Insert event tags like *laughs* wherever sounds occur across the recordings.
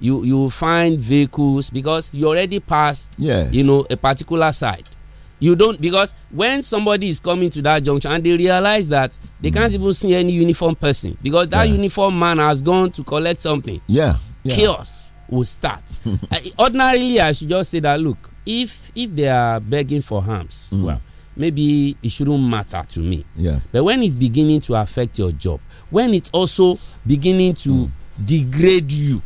you you find vehicles because you already passed yes. you know a particular side you don't because when somebody is coming to that junction and they realize that they mm. can't even see any uniform person because that yeah. uniform man has gone to collect something yeah, yeah. chaos will start *laughs* I, ordinarily i should just say that look if if they are begging for harms mm. well maybe it shouldn't matter to me yeah but when it's beginning to affect your job when it's also beginning to mm. degrade you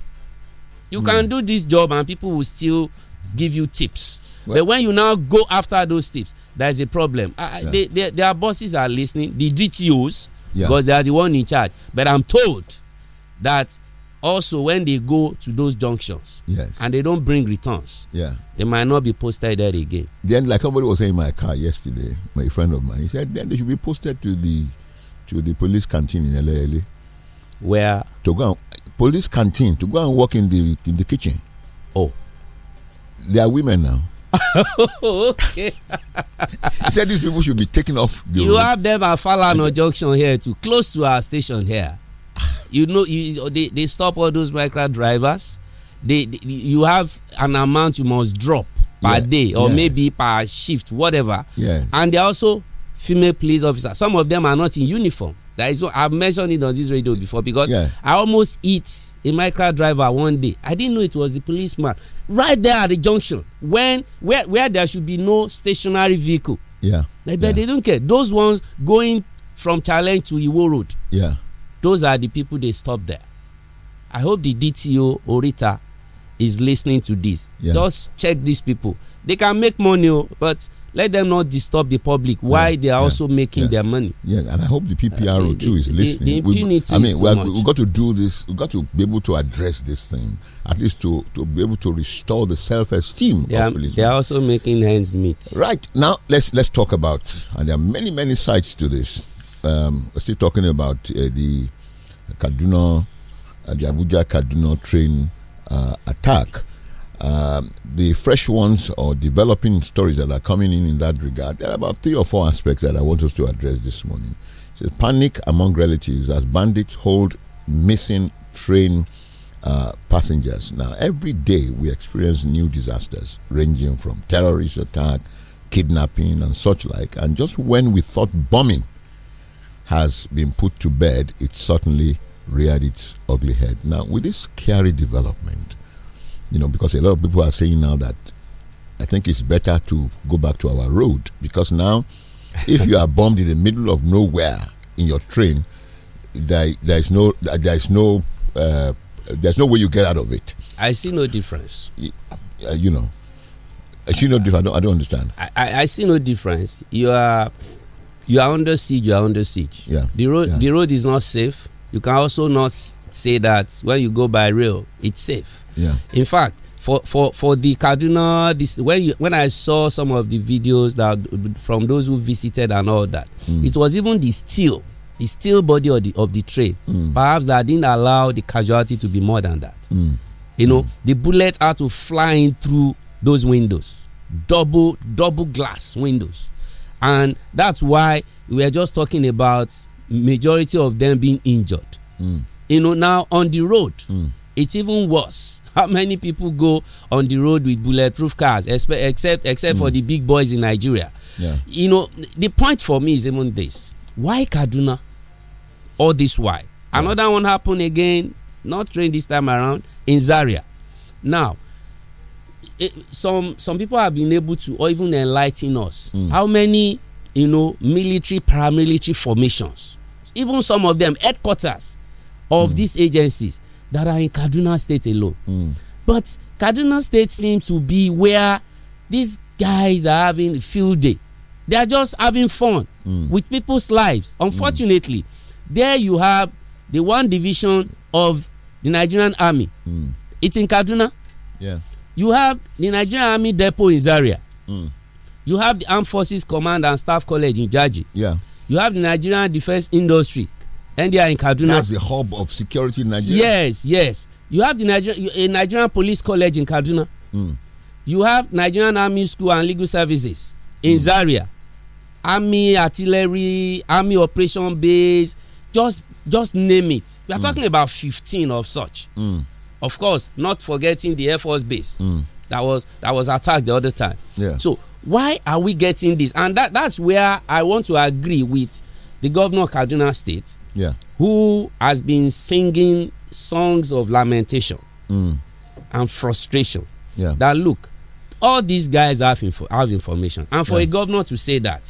you mm. can hmm. do this job and people will still give you tips. Well, but when you now go after those tips, there is a problem. yeah. they, they, their bosses are listening, the DTOs, yeah. because they are the one in charge. But I'm told that also when they go to those junctions yes. and they don't bring returns, yeah. they might not be posted there again. Then, like somebody was saying in my car yesterday, my friend of mine, he said then they should be posted to the to the police canteen in LA. Where to go, police canteen to go and work in the in the kitchen. Oh, they are women now. *laughs* okay. he said these people should be taken off the You have them at Falano Junction here too, close to our station here. You know, you they, they stop all those micro drivers. They, they you have an amount you must drop per yeah. day or yes. maybe per shift, whatever. Yeah. And they also female police officers. Some of them are not in uniform. That is what I've mentioned it on this radio before because yeah. I almost hit a micro driver one day. I didn't know it was the policeman right there at the junction when where where there should be no stationary vehicle. Yeah. Like, but yeah. they don't care. Those ones going from Challenge to Iwo Road. Yeah. Those are the people they stop there. I hope the DTO Orita is listening to this. Yeah. Just check these people. They can make money, oh, but let them not disturb the public why they are yeah, also making yeah, their money. Yeah, and I hope the PPRO uh, too is the, listening. The, the impunity we, I mean, so we have got to do this. We've got to be able to address this thing, at least to, to be able to restore the self-esteem they are, They are also making hands meet. Right now, let's let's talk about, and there are many many sides to this. Um, we're still talking about uh, the Kaduna, uh, the Abuja Kaduna train uh, attack um, the fresh ones or developing stories that are coming in in that regard, there are about three or four aspects that I want us to address this morning. Says panic among relatives as bandits hold missing train uh, passengers. Now, every day we experience new disasters ranging from terrorist attack, kidnapping, and such like. And just when we thought bombing has been put to bed, it certainly reared its ugly head. Now, with this scary development, you know, because a lot of people are saying now that I think it's better to go back to our road because now, *laughs* if you are bombed in the middle of nowhere in your train, there there is no there is no uh, there's no way you get out of it. I see no difference. You, uh, you know, I see no difference. I don't, I don't understand. I, I, I, see no difference. You are you are under siege. You are under siege. Yeah. The road yeah. the road is not safe you can also not say that when you go by rail, it's safe. Yeah. In fact, for for for the Kaduna, this when you, when I saw some of the videos that from those who visited and all that, mm. it was even the steel, the steel body of the of the train. Mm. Perhaps that didn't allow the casualty to be more than that. Mm. You know, mm. the bullets had to fly in through those windows, double double glass windows, and that's why we are just talking about majority of them being injured. Mm. You know, now on the road, mm. it's even worse. *laughs* How many people go on the road with bulletproof cars, except except mm. for the big boys in Nigeria? Yeah. You know, the point for me is even this: Why Kaduna? All this why? Yeah. Another one happened again, not rain this time around in Zaria. Now, it, eh, some some people have been able to or even enlighten us. Mm. How many you know military paramilitary formations even some of them headquarters of mm. these agencies that are in Kaduna State alone. Mm. But Kaduna State seems to be where these guys are having a field day. They are just having fun mm. with people's lives. Hmm. Unfortunately, there you have the one division of the Nigerian army. Hmm. It's in Kaduna. Yeah. You have the Nigerian army depot in Zaria. Hmm. You have the Armed Forces Command and Staff College in Jaji. Yeah you have the nigerian defence industry and they are in kaduna. that's the hub of security in nigeria. yes yes you have the nigerian a nigerian police college in kaduna. Mm. you have nigerian army school and legal services in mm. zaria army artillery army operation base just just name it we are mm. talking about fifteen of such. Mm. of course not forgetting the air force base. Mm. that was that was attacked the other time. Yeah. so why are we getting this and that that's where i want to agree with the governor of kaduna state yeah. who has been singing songs of lamentation mm. and frustration yeah. that look all these guys have info have information and for yeah. a governor to say that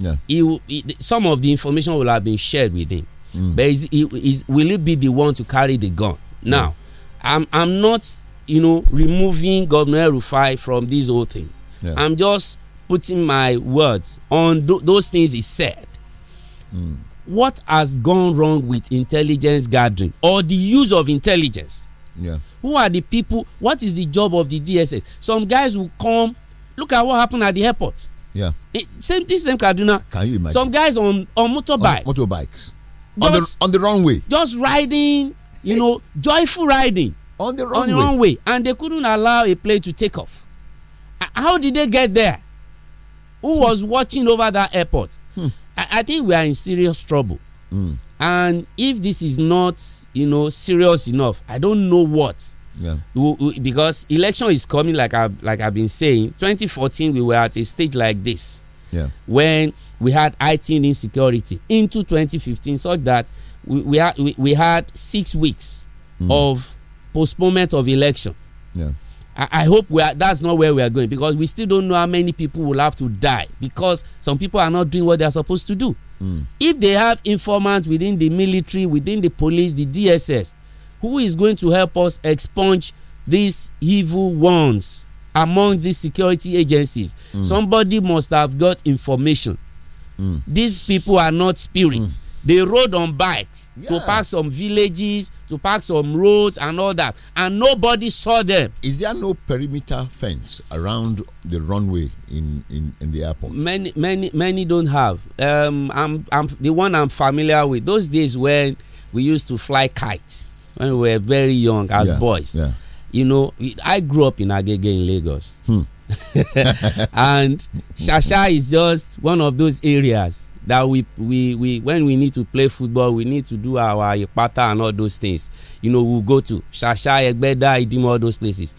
yeah. He, he, some of the information will have been shared with him mm. but is, he, is, will he be the one to carry the gun now yeah. i'm i'm not you know removing governor rufai from this whole thing yeah. I'm just putting my words on th those things he said. Mm. What has gone wrong with intelligence gathering or the use of intelligence? Yeah. Who are the people? What is the job of the DSS? Some guys will come. Look at what happened at the airport. Yeah. It, eh, same thing, same Kaduna. Can you imagine? Some guys on on motorbikes. On motorbikes. Just, on the on the wrong way. Just riding, you eh. know, joyful riding. On the wrong on the way. wrong way, and they couldn't allow a plane to take off how did they get there? Who was watching over that airport? Hmm. I, I, think we are in serious trouble. Hmm. And if this is not, you know, serious enough, I don't know what. Yeah. We, we, because election is coming, like I've like I've been saying. 2014, we were at a stage like this. Yeah. When we had IT insecurity into 2015, such that we we had we, we had six weeks mm. of postponement of election. Yeah. I, I hope are, that's not where we are going because we still don't know how many people will have to die because some people are not doing what they are supposed to do. Mm. If they have informants within the military, within the police, the DSS, who is going to help us expunge these evil ones among these security agencies? Mm. Somebody must have got information. Mm. These people are not spirits hmm they rode on bikes yeah. to pass some villages to pass some roads and all that and nobody saw them. is there no perimeter fence around the runway in in, in the airport. many many many don't have um, I'm, I'm the one i'm familiar with those days when we used to fly kites when we were very young as yeah. boys yeah. you know i grew up in agege in lagos. Hmm. *laughs* and Shasha is just one of those areas that we we we when we need to play football we need to do our ipata and all those things you know we we'll go to shasha egbeda idim all those places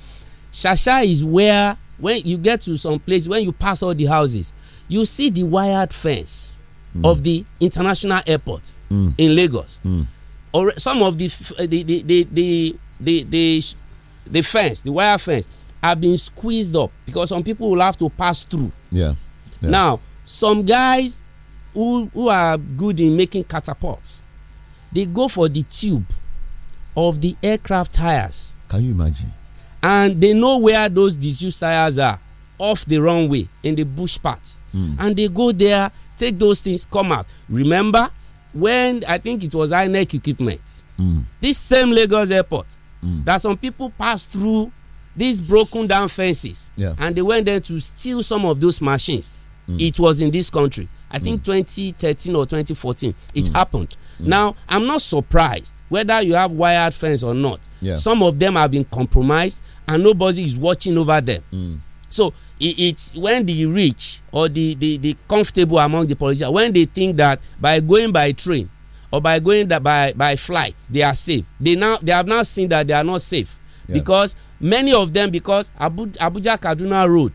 shasha is where when you get to some place when you pass all the houses you see the wired fence mm. of the international airport mm. in lagos mm. or some of the, uh, the the the the the, the, the fence the wire fence have been squeezed up because some people will have to pass through yeah. yeah. now some guys who who are good in making catapults they go for the tube of the aircraft tires can you imagine and they know where those disused tires are off the runway in the bush part mm. and they go there take those things come out remember when i think it was inec equipment mm. this same lagos airport mm. that some people pass through these broken down fences yeah. and they went there to steal some of those machines Mm. It was in this country. I think mm. 2013 or 2014, it mm. happened. Now, I'm not surprised whether you have wired fence or not. Yeah. Some of them have been compromised and nobody is watching over them. So it's when the rich or the, the, the comfortable among the politicians, when they think that by going by train or by going by, by flight, they are safe. They now they have now seen that they are not safe. Yeah. Because many of them, because Abu, Abuja Kaduna Road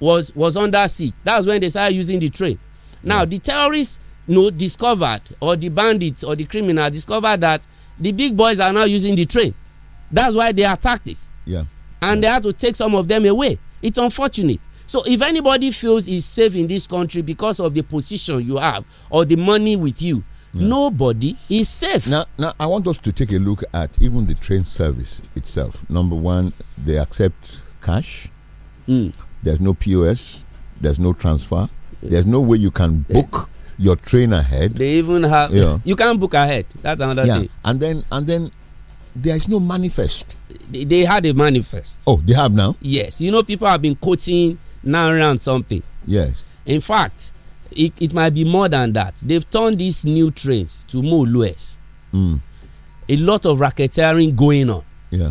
was was under siege that's when they started using the train now yeah. the terrorists you know, discovered or the bandits or the criminals discovered that the big boys are now using the train that's why they attacked it yeah and yeah. they had to take some of them away it's unfortunate so if anybody feels is safe in this country because of the position you have or the money with you yeah. nobody is safe. Now, now, I want us to take a look at even the train service itself. Number one, they accept cash. Mm. There's no POS. There's no transfer. There's no way you can book your train ahead. They even have. You, *laughs* know. you can't book ahead. That's another yeah. thing. And then and then there is no manifest. They, they had a manifest. Oh, they have now. Yes, you know people have been quoting now around something. Yes. In fact, it, it might be more than that. They've turned these new trains to more Lewis. Mm. A lot of racketeering going on. Yeah.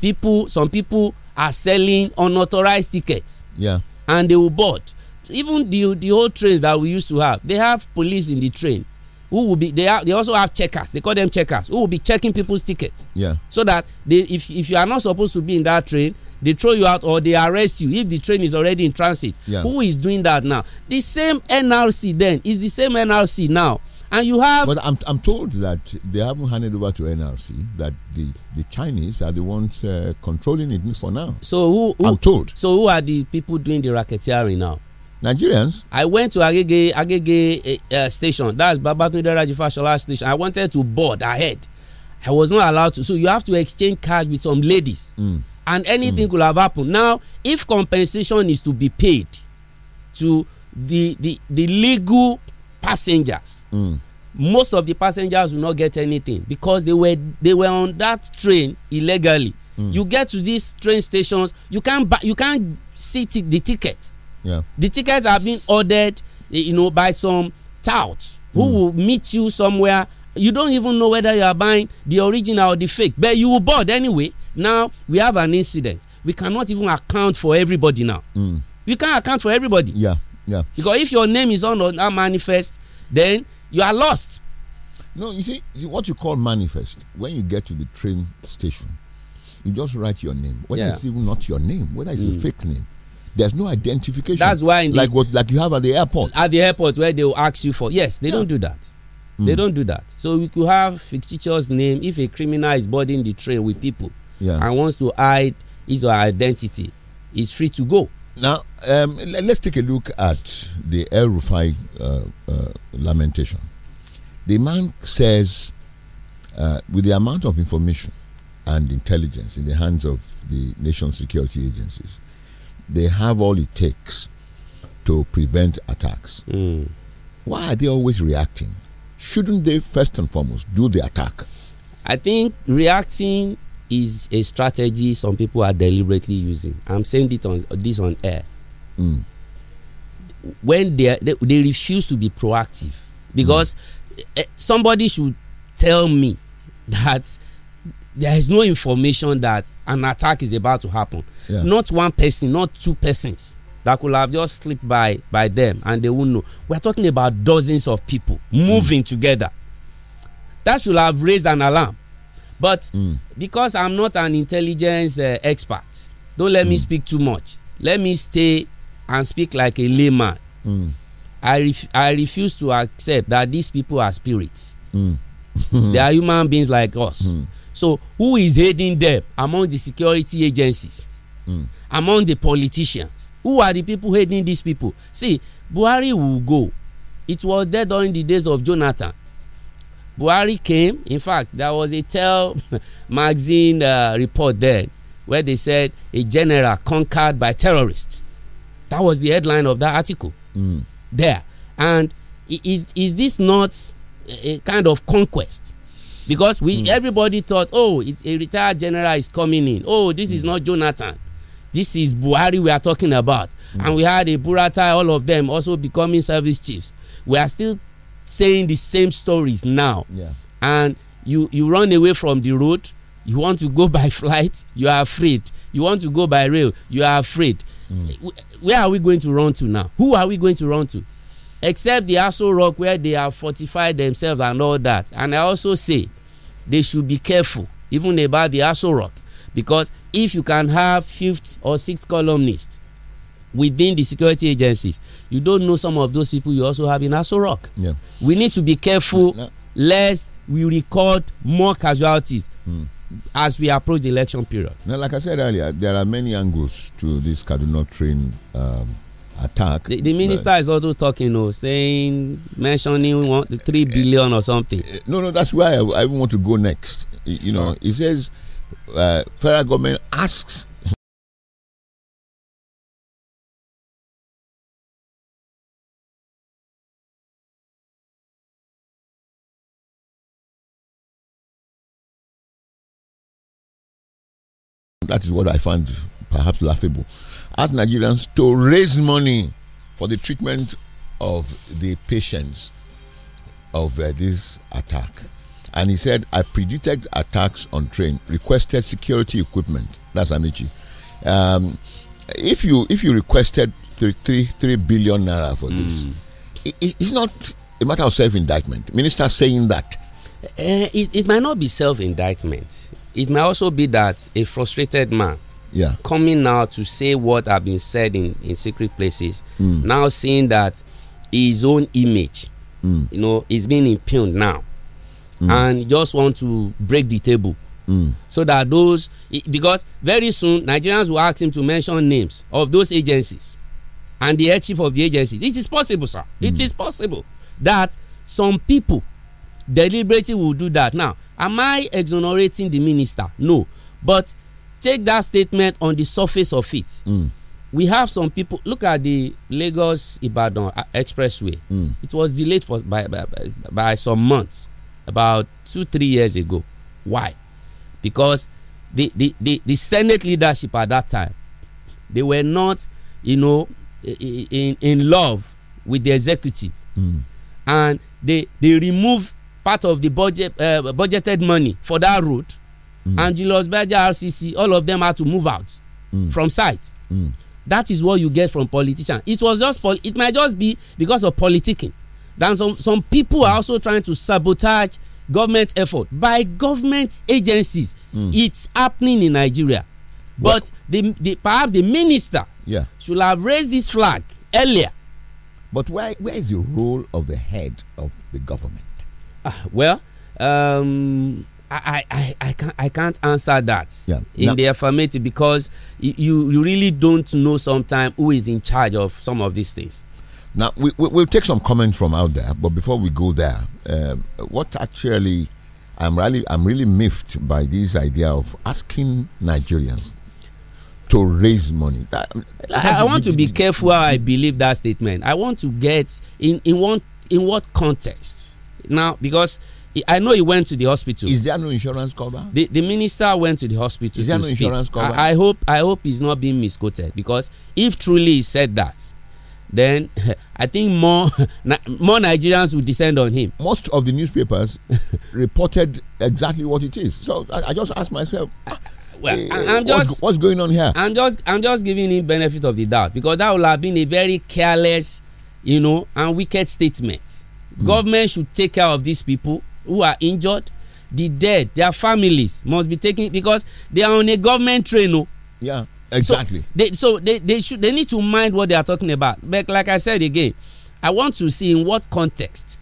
People, some people are selling unauthorized tickets. Yeah. And they will board. Even the the old trains that we used to have, they have police in the train who will be they are they also have checkers they call them checkers who will be checking people's tickets. yeah so that they if if you are not supposed to be in that train they throw you out or they arrest you if the train is already in transit. yeah who is doing that now the same nrc then is the same nrc now and you have. But I'm, I'm told that they haven't handed over to NRC. That the, the Chinese are the ones uh, controlling it for now. So who, who, I'm told. So who are the people doing the racketeering now? Nigerians. I went to Agege Agege uh, station. That's Babatunde Rajafashola station. I wanted to board ahead. I was not allowed to. So you have to exchange cards with some ladies. Mm. And anything mm. could have happened. Now, if compensation is to be paid to the the the legal passengers. Mm. Most of the passengers will not get anything because they were they were on that train illegally. Mm. You get to these train stations, you can't buy, you can't see the tickets. Yeah. The tickets have been ordered, eh, you know, by some touts who mm. will meet you somewhere. You don't even know whether you are buying the original or the fake, but you will board anyway. Now we have an incident. We cannot even account for everybody now. Mm. We can't account for everybody. Yeah. Yeah. Because if your name is on that manifest, then you are lost. No, you see, see, what you call manifest, when you get to the train station, you just write your name. Whether yeah. it's even not your name, whether it's mm. a fake name, there's no identification. That's why, like the, what, like you have at the airport. At the airport, where they will ask you for. Yes, they yeah. don't do that. Mm. They don't do that. So we could have fictitious name if a criminal is boarding the train with people yeah. and wants to hide his or her identity. It's free to go. Now, um, let's take a look at the El Rufai uh, uh, lamentation. The man says, uh, with the amount of information and intelligence in the hands of the nation security agencies, they have all it takes to prevent attacks. Mm. Why are they always reacting? Shouldn't they first and foremost do the attack? I think reacting is a strategy some people are deliberately using. I'm saying this on, this on air. Mm. When they, are, they, they refuse to be proactive because mm. somebody should tell me *laughs* that there is no information that an attack is about to happen. Yeah. Not one person, not two persons that could have just slipped by by them and they won't know. We're talking about dozens of people moving mm. together. That should have raised an alarm but mm. because i'm not an intelligence uh, expert don't let mm. me speak too much let me stay and speak like a layman mm. i ref i refuse to accept that these people are spirits mm. *laughs* they are human beings like us mm. so who is aiding them among the security agencies mm. among the politicians who are the people aiding these people see buhari will go it was there during the days of jonathan Buhari came. In fact, there was a Tell *laughs* magazine uh, report there where they said a general conquered by terrorists. That was the headline of that article mm. there. And is, is this not a kind of conquest? Because we mm. everybody thought, oh, it's a retired general is coming in. Oh, this mm. is not Jonathan. This is Buhari we are talking about. Mm. And we had a Burata, all of them also becoming service chiefs. We are still saying the same stories now yeah. and you you run away from the road you want to go *laughs* by flight you are afraid you want to go by rail you are afraid mm. where are we going to run to now who are we going to run to except the Aso Rock where they have fortified themselves and all that and I also say they should be careful even about the Aso Rock because if you can have fifth or sixth columnists. within the security agencies. You don't know some of those people you also have in Aso Rock. Yeah. We need to be careful no. lest we record more casualties mm. as we approach the election period. Now, like I said earlier, there are many angles to this Kaduna train um, attack. The, the minister is also talking, you oh, know, saying, mentioning one, three eh, billion or something. Eh, no, no, that's why I, I want to go next. You know, he says, uh, federal government asks that is what I find perhaps laughable. Ask Nigerians to raise money for the treatment of the patients of uh, this attack. And he said, I predicted attacks on train, requested security equipment. That's Amici. Um, if you if you requested three, three, three billion naira for this, hmm. it, it's not a matter of self indictment. Minister saying that. Uh, it, it might not be self indictment it may also be that a frustrated man yeah. coming now to say what have been said in, in secret places, mm. now seeing that his own image, mm. you know, is being impugned now. Mm. And just want to break the table. Mm. So that those, because very soon Nigerians will ask him to mention names of those agencies and the head chief of the agencies. It is possible, sir. It mm. is possible that some people deliberately will do that. Now, Am I exonerating the minister? No. But take that statement on the surface of it. Mm. We have some people. Look at the Lagos Ibadan Expressway. Mm. It was delayed for by, by, by some months, about two three years ago. Why? Because the, the, the, the Senate leadership at that time, they were not, you know, in in love with the executive, mm. and they they removed part of the budget uh, budgeted money for that road mm. and RCC all of them had to move out mm. from site. Mm. That is what you get from politicians. It was just it might just be because of politicking. Then some some people are also trying to sabotage government effort by government agencies. Mm. It's happening in Nigeria, but the, the perhaps the minister yeah. should have raised this flag earlier. But where, where is the role of the head of the government? Ah, well, um, I, I, I, can't, I can't answer that yeah. in no. the affirmative because you, you really don't know sometimes who is in charge of some of these things. Now, we, we, will take some comment from out there, but before we go there, um, what actually I'm really, I'm really miffed by this idea of asking Nigerians to raise money. That, um, I, I want to be careful how I believe that statement. I want to get in, in, what in what context now because I know he went to the hospital. Is there no insurance cover? The, the minister went to the hospital. Is there no speak. insurance cover? I, I, hope I hope he's not being misquoted because if truly he said that, then *laughs* I think more *laughs* more Nigerians would descend on him. Most of the newspapers *laughs* reported exactly what it is. So I, I just asked myself. Ah, well, eh, I'm what's, just what's going on here? I'm just I'm just giving him benefit of the doubt because that would have been a very careless, you know, and wicked statement Government should take care of these people who are injured, the dead, their families must be taken because they are on a government train. No? Oh. Yeah, exactly. So they, so they, they should they need to mind what they are talking about. But like I said again, I want to see in what context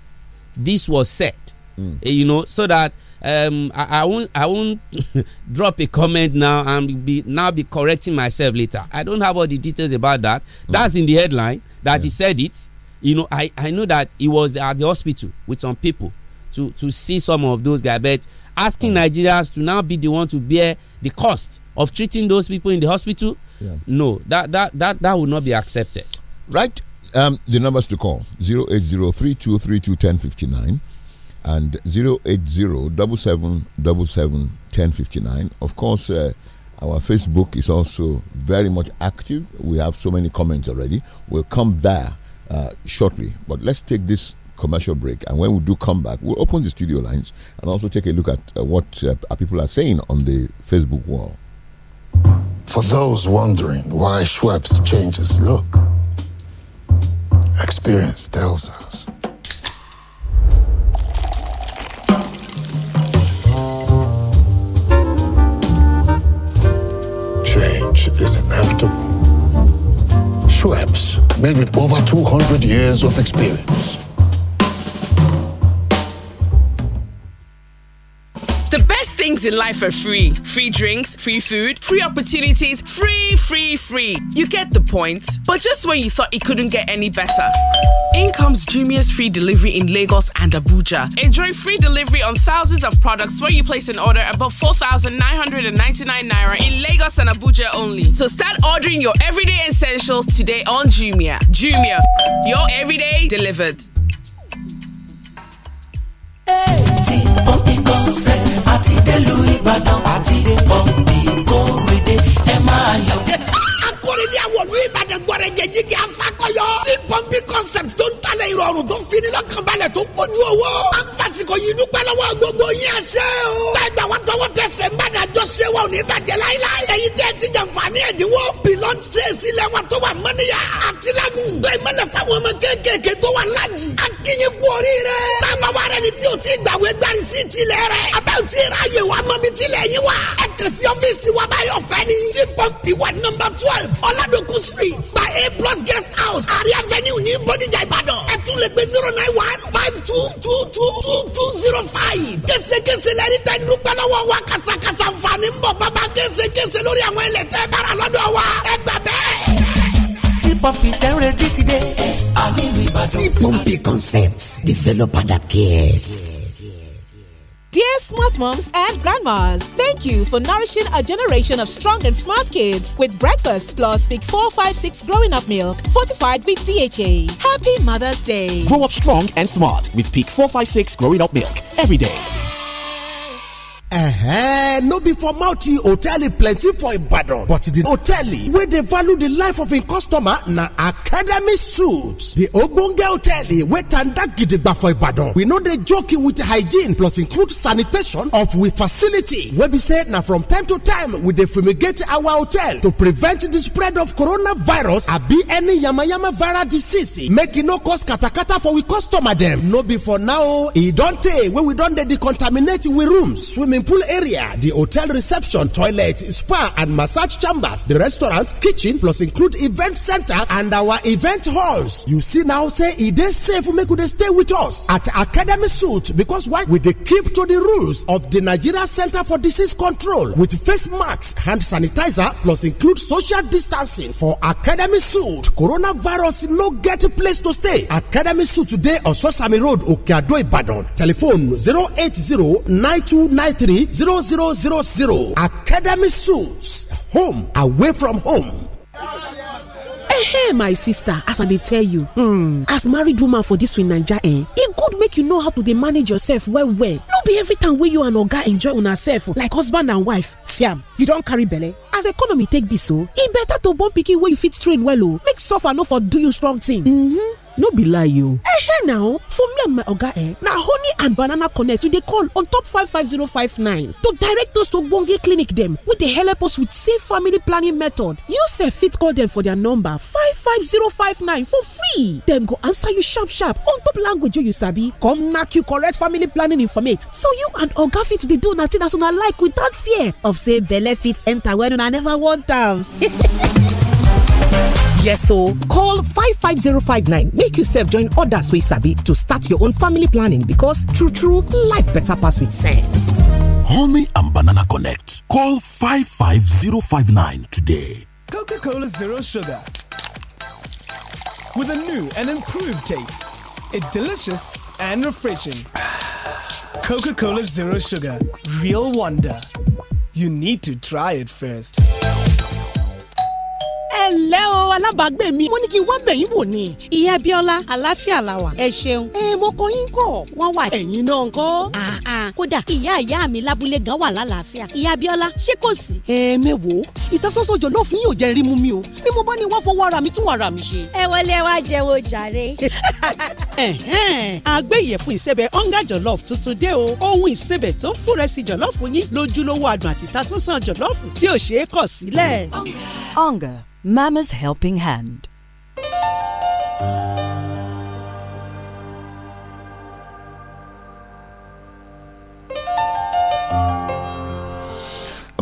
this was said. Mm. Eh, you know, so that um, I, I, won't I won't *laughs* drop a comment now and be now be correcting myself later. I don't have all the details about that. Mm. That's in the headline that yeah. he said it you know i i know that he was at the hospital with some people to to see some of those guys but asking mm. nigerians to now be the one to bear the cost of treating those people in the hospital yeah. no that that that that would not be accepted right um, the numbers to call 08032321059 and 08077771059 of course uh, our facebook is also very much active we have so many comments already we'll come there uh, shortly. But let's take this commercial break, and when we do come back, we'll open the studio lines and also take a look at uh, what uh, people are saying on the Facebook wall. For those wondering why Schweppes changes look, experience tells us. Change is inevitable apps made with over 200 years of experience. things in life are free free drinks, free food, free opportunities, free, free, free. You get the point. But just when you thought it couldn't get any better, in comes Jumia's free delivery in Lagos and Abuja. Enjoy free delivery on thousands of products where you place an order above 4,999 naira in Lagos and Abuja only. So start ordering your everyday essentials today on Jumia. Jumia, your everyday delivered. ti pọ́ǹpì concept àti délùú Ìbàdàn àti pọ́ǹpì kórèdè ẹ máa yọ. akórèdè ìbàdàn gbọ́dọ̀ jẹ̀jì kí afakọyọ. tí pọ́ǹpì concept tó ń talẹ̀ ìrọ̀rùn tó fini lọ́kànbalẹ̀ tó kojú owó. a ń fasikọ yìí dúpẹ́ lọ́wọ́ gbogbo yín àṣẹ o. gbàgbà wọn tọwọ́ tẹsẹ̀ ń bàdàn àjọ ṣe wa ò ní bàjẹ́ láíláí. èyí tẹ́ ti jàǹfààní ẹ̀dínwó pilọ́n ṣèṣì lẹ́wà tó wà mọ́níyà àti lágùn. bẹ́ẹ̀ mẹ́lẹ̀ fáwọn ọmọ kéékèèké tó wà lájì. a kì í kú oríire. táwọn wa rẹ ni tí o ti gbàwé gbàrí sí tilẹ̀ rẹ̀. abẹ́ ò ti ra àyè wa mọ́ bí tilẹ̀ yín wa. ẹ kàn sí ọ́fíìsì wa báyọ̀ fẹ́ ni. tí pọ́ǹpì wà nọ́mbà twelve ọ̀làdọ̀kùn street by a plus guest house àrí avenue ní bodijà ìbàdàn ẹ tún lè gbé zero nine one five two two two two two zero five késekése lẹ́ni tẹ́ ní dúpẹ́ lọ́wọ́ wa kàṣàkàṣà nfààní ń bọ̀ bàbá késekése lórí àwọn ilẹ̀ tẹ́ bára lọ́dọ̀ wa ẹ gbà bẹ́ẹ̀. tí pọ́ǹpì tẹ́ ń retí ti dé. ẹ àní ìlú ìbàdàn. tí pọ́ǹpì concepts developer that cares. Dear smart moms and grandmas, thank you for nourishing a generation of strong and smart kids with breakfast plus Big 456 growing up milk fortified with DHA. Happy Mother's Day. Grow up strong and smart with Peak 456 growing up milk every day. no be for mouthie hotel plenty for ibadan but the hotel wey dey value the life of im customer na academy suits di ogbonge hotel wey tanda gidigba for ibadan we no dey joke with hygiene plus include sanitation of we facility wey be say na from time to time we dey fumigate our hotel to prevent the spread of coronavirus abi any yamayama viral disease make e no cause katakata for we customer dem no be for now e don tey wey we don dey decontaminate we rooms swimming pool area, the hotel reception, toilet, spa and massage chambers, the restaurant, kitchen plus include event center and our event halls. You see now say e dey safe make we stay with us at Academy Suit because why we dey keep to the rules of the Nigeria Center for Disease Control with face masks, hand sanitizer plus include social distancing for Academy Suit. Coronavirus no get place to stay. Academy Suit today on Sosami Road, Okeado, Ibadan. Telephone 080 9293 three zero zero zero zero academy suits home away from home. Hey, my sister as i tell you hmm, as married woman for this win naija eh it e good make you know how to dey manage yourself well well no be every time where you and oga enjoy on herself like husband and wife fiam you don't carry belly. as economy take be so e better to born pikin where you fit train well Oh, make suffer no for do you strong thing. Mm -hmm no be lie o. ehe eh, na for me and my oga eh na honey and banana connect we dey call on top five five zero five nine to direct us to ogbonge clinic dem wey dey help us with safe family planning method you sef fit call dem for their number five five zero five nine for free dem go answer you sharp sharp on top language wey you sabi come knack you correct family planning informate so you and oga fit dey do una thing as una like without fear of say belle fit enter when una never want am. *laughs* yes so call 55059 make yourself join odas wey sabi to start your own family planning because true true life better pass with sense. honey and banana connect call 55059 today. coca-cola zero sugar with a new and improved taste it's delicious and refreshing. Coca Cola Zero Sugar, real wonder. You need to try it first. ẹ ǹlẹ́ o alábàágbé mi mo ní kí n wá bẹ̀yìn wò ni. ìyá Bíọ́lá àlàáfíà la wà. ẹ ṣeun ẹ mo kọ yín kọ wọn wà ẹ̀yin náà ńkọ́. Ah, ah. kódà ìyá ìyá mi lábúlé gan wà lálàáfíà ìyá Bíọ́lá ṣé kò sí. ẹ mẹ́wòó ìtasọ́sọ́ jọ lọ́ọ̀fù yóò jẹ́ rímú mi o ni mo bá ní wá fọwọ́ ara mi tún ara mi ṣe. ẹ wọlé ẹ wá jẹ wo jàre. àgbéyẹ̀fun *laughs* ìsẹ̀bẹ̀ ọ̀ngá jọ̀lọ́ọ̀f tuntun dé o ohun ìsẹ̀bẹ̀ tó ń fúnrẹ́sì jọ̀lọ́ọ̀fù yín lójúlówó adùn àti ìtasọ́sọ́ jọ̀lọ́ọ̀fù tí ò ṣeé kọ̀ sílẹ̀. ọ̀ngá Mama's Helping Hand. I'm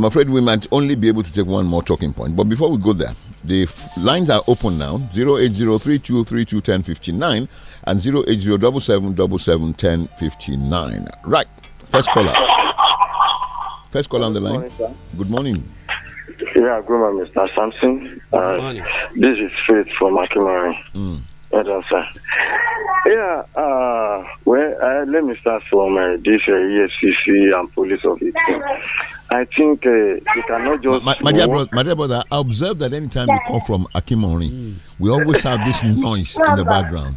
afraid we might only be able to take one more talking point. But before we go there, the lines are open now 08032321059 and 08077771059. Right, first caller. First caller on the line. Good morning. Sir. Good morning. Yeah, good uh, morning, Mr. Sampson. Uh, this is Faith from Akimari. Mm. Well sir. Yeah, uh, well, uh, let me start from uh, this uh, EFCC and police officer. I think uh, you cannot just. My, my, dear brother, my dear brother, I observe that anytime we come from Akimori, mm. we always have this noise in the background.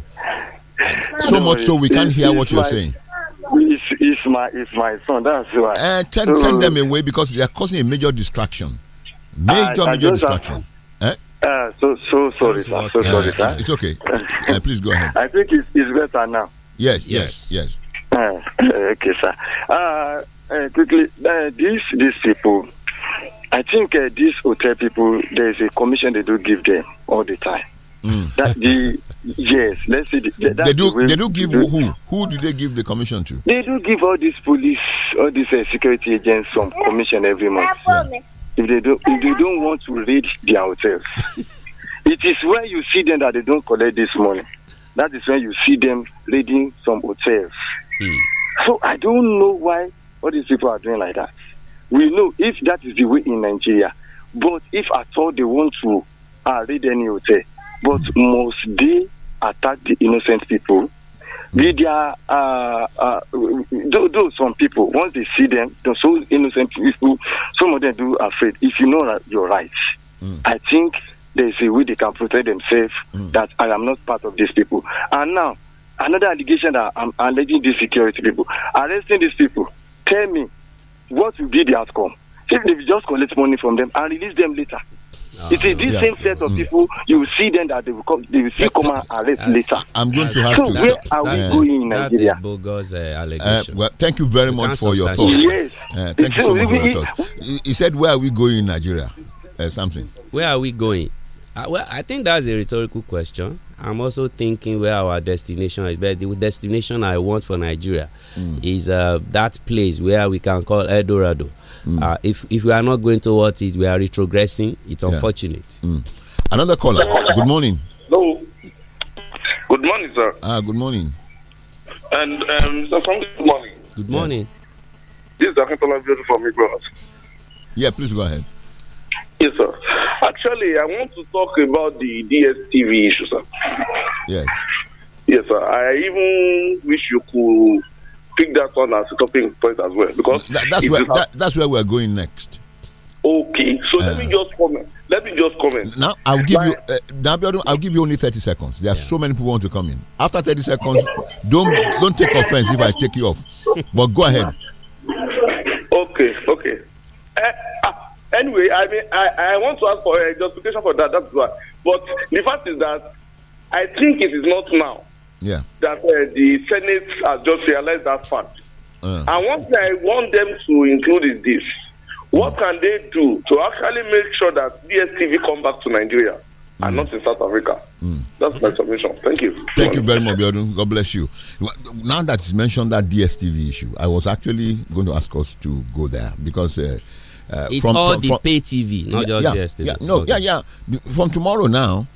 So much so we can't hear what you're saying. It's, it's my it's my son. That's why. Uh, turn, turn them away because they are causing a major distraction. Major, uh, major distraction. eh? Uh, so, so sorry, sir. So sorry, sir. It's okay. *laughs* please go ahead. I think it's, it's better now. Yes, yes, yes. yes. Ah, *laughs* okay, sir. Ah, eh, quickly, eh, these, these people, I think eh, these hotel people, there's a commission they do give them all the time. Mm. That the yes, let's see. The, they do. The they do give do. who? Who do they give the commission to? They do give all these police, all these uh, security agents some commission every month. Yeah if they don't if they don't want to read their hotels. *laughs* it is when you see them that they don't collect this money. That is when you see them raiding some hotels. Mm. So I don't know why all these people are doing like that. We know if that is the way in Nigeria, but if at all they want to uh, raid any hotel, but must they attack the innocent people? media, uh, uh, those, some people, once they see them, they're so innocent people, some of them do afraid. If you know that your rights, mm. I think there's a way they can protect themselves mm. that I am not part of these people. And now, another allegation that I'm alleging these security people, arresting these people, tell me what will be the outcome. If they just collect money from them and release them later. Uh, it's the this yeah. same set of mm. people you will see them that they will come they will see come and arrest later. I'm going to have so to. So where are we going in Nigeria? That's bogus uh, uh allegation. Uh, well, thank you very much for your thoughts. Yes. Uh, thank it's you so much for your thoughts. He, said, "Where are we going in Nigeria?" Uh, something. Where are we going? well, I think that's a rhetorical question. I'm also thinking where our destination is. But the destination I want for Nigeria mm. is that place where we can call El Dorado Mm. Uh, if if we are not going towards it, we are retrogressing. It's unfortunate. Mm. Another caller. Good morning. Hello. Good morning, sir. Ah, good morning. And um, sir, good morning. Good morning. Yeah. This is Akintola Beauty from Igros. Yeah, please go ahead. Yes, sir. Actually, I want to talk about the DSTV issue, sir. Yes. Yes, sir. I even wish you could Pick that one as a topping point as well because that, that's where that, that's where we're going next. Okay, so uh, let me uh, just comment. Let me just comment. Now I'll give you. Uh, I'll give you only thirty seconds. There are yeah. so many people want to come in. After thirty seconds, don't don't take offense if I take you off. But go ahead. Okay, okay. Uh, uh, anyway, I mean, I, I want to ask for a justification for that. That's why. But the fact is that I think it is not now yeah. That uh, the Senate has just realized that fact. Uh. And what I want them to include is this. What mm. can they do to actually make sure that DSTV come back to Nigeria? Mm. and not in South Africa. Mm. That's my submission. Thank you. Thank you very much, Biodun. God bless you. Now that you mentioned that DSTV issue, I was actually going to ask us to go there because. Uh, uh, it's from, all from, the from, pay TV, not yeah, just yeah, DSTV. Yeah, no, okay. yeah, yeah. From tomorrow now,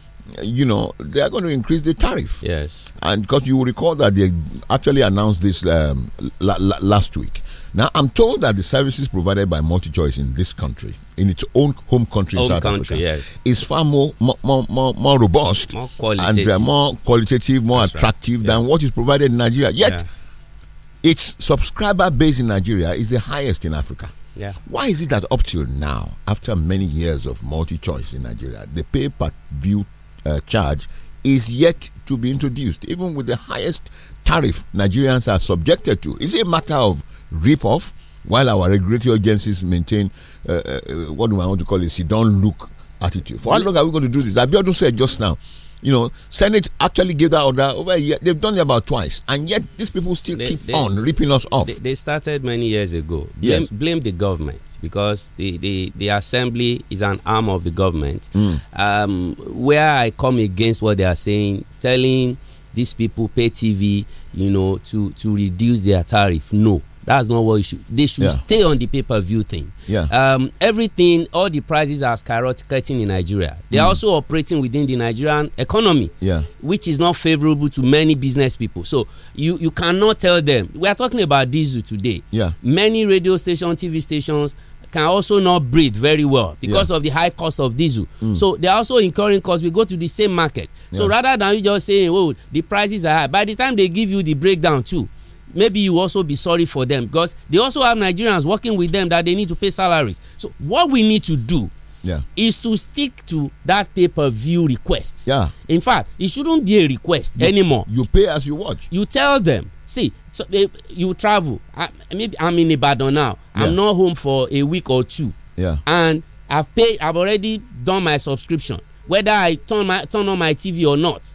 you know, they are going to increase the tariff. Yes. And because you will recall that they actually announced this um, la la last week. Now, I'm told that the services provided by MultiChoice in this country, in its own home country, home South country, Africa, yes. is far more more, more, more robust more and more qualitative, more That's attractive right. yeah. than what is provided in Nigeria. Yet, yeah. its subscriber base in Nigeria is the highest in Africa. Yeah. Why is it that up till now, after many years of multi-choice in Nigeria, the pay-per-view uh, charge is yet to be introduced, even with the highest tariff Nigerians are subjected to. Is it a matter of rip-off while our regulatory agencies maintain uh, uh, what do I want to call it? a don't look attitude. For how long are we going to do this? Abiodun said just now you know, Senate actually gave that order over here. They've done it about twice, and yet these people still they, keep they, on ripping us off. They, they, started many years ago. Blame, yes. blame the government because the, the, the assembly is an arm of the government. Mm. Um, where I come against what they are saying, telling these people pay TV, you know, to to reduce their tariff. No, that's not what should. They should yeah. stay on the pay-per-view thing. Yeah. Um, everything, all the prices are skyrocketing in Nigeria. They are mm. also operating within the Nigerian economy, yeah. which is not favorable to many business people. So you you cannot tell them. We are talking about diesel today. Yeah. Many radio stations, TV stations can also not breathe very well because yeah. of the high cost of diesel. Mm. So they're also incurring costs. We go to the same market. So rather than you just saying, oh, the prices are high, by the time they give you the breakdown too, maybe you also be sorry for them because they also have nigerians working with them that they need to pay salaries so what we need to do yeah. is to stick to that pay-per-view request. Yeah. In fact, it shouldn't be a request you, anymore. You pay as you watch. You tell them, see, so eh, you travel. I, maybe I'm in Ibadan now. Yeah. I'm not home for a week or two. Yeah. And I've paid. I've already done my subscription. Whether I turn my turn on my TV or not,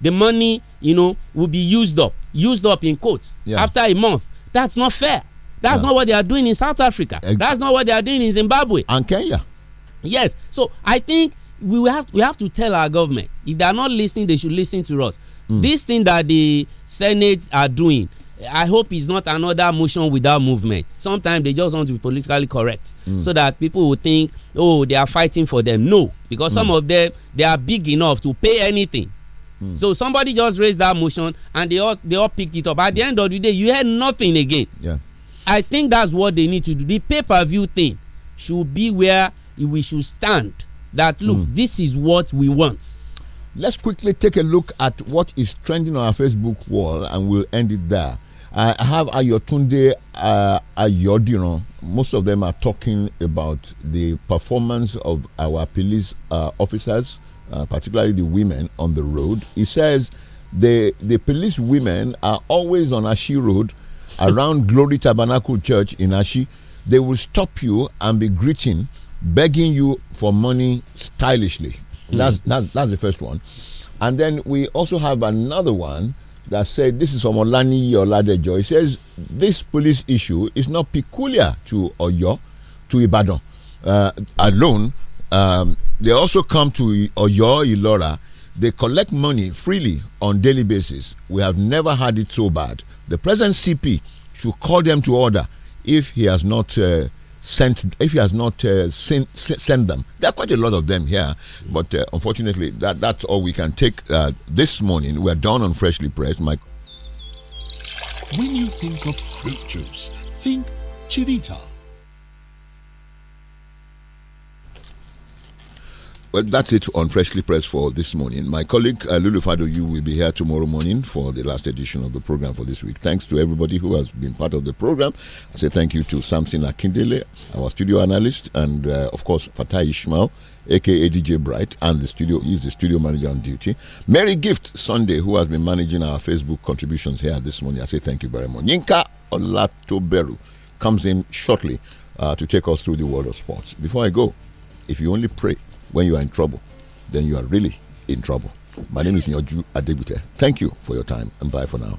the money you know will be used up used up in quotes yeah. after a month that's not fair that's yeah. not what they are doing in south africa that's not what they are doing in zimbabwe and kenya yes so i think we will have we have to tell our government if they are not listening they should listen to us mm. this thing that the senate are doing i hope it's not another motion without movement sometimes they just want to be politically correct mm. so that people will think oh they are fighting for them no because mm. some of them they are big enough to pay anything Hmm. So somebody just raised that motion and they all they all picked it up. At the end of the day, you had nothing again. Yeah. I think that's what they need to do. The pay-per-view thing should be where we should stand. That look, mm. this is what we want. Let's quickly take a look at what is trending on our Facebook wall, and we'll end it there. I have Ayotunde uh, Ayodino. Most of them are talking about the performance of our police uh, officers uh, particularly the women on the road. He says the the police women are always on Ashi Road around *laughs* Glory Tabernacle Church in Ashi. They will stop you and be greeting, begging you for money stylishly. Mm. That's, that's that's the first one. And then we also have another one that said this is from Olani Oladejo. He says this police issue is not peculiar to Oyo, to Ibadan uh, alone. Um, they also come to Oyo Ilora. They collect money freely on daily basis. We have never had it so bad. The present CP should call them to order if he has not uh, sent if he has not uh, sent them. There are quite a lot of them here, but uh, unfortunately, that that's all we can take uh, this morning. We're done on freshly pressed. My when you think of fruit juice, think Chivita Well, that's it on Freshly Pressed for this morning. My colleague uh, Lulu Fado, you will be here tomorrow morning for the last edition of the program for this week. Thanks to everybody who has been part of the program. I say thank you to Samson Akindele, our studio analyst, and uh, of course, Fatai Ishmael, aka DJ Bright, and the studio is the studio manager on duty. Mary Gift Sunday, who has been managing our Facebook contributions here this morning. I say thank you very much. Yinka Olatoberu comes in shortly uh, to take us through the world of sports. Before I go, if you only pray, when you are in trouble, then you are really in trouble. My name is Nyoju Adegbite. Thank you for your time and bye for now.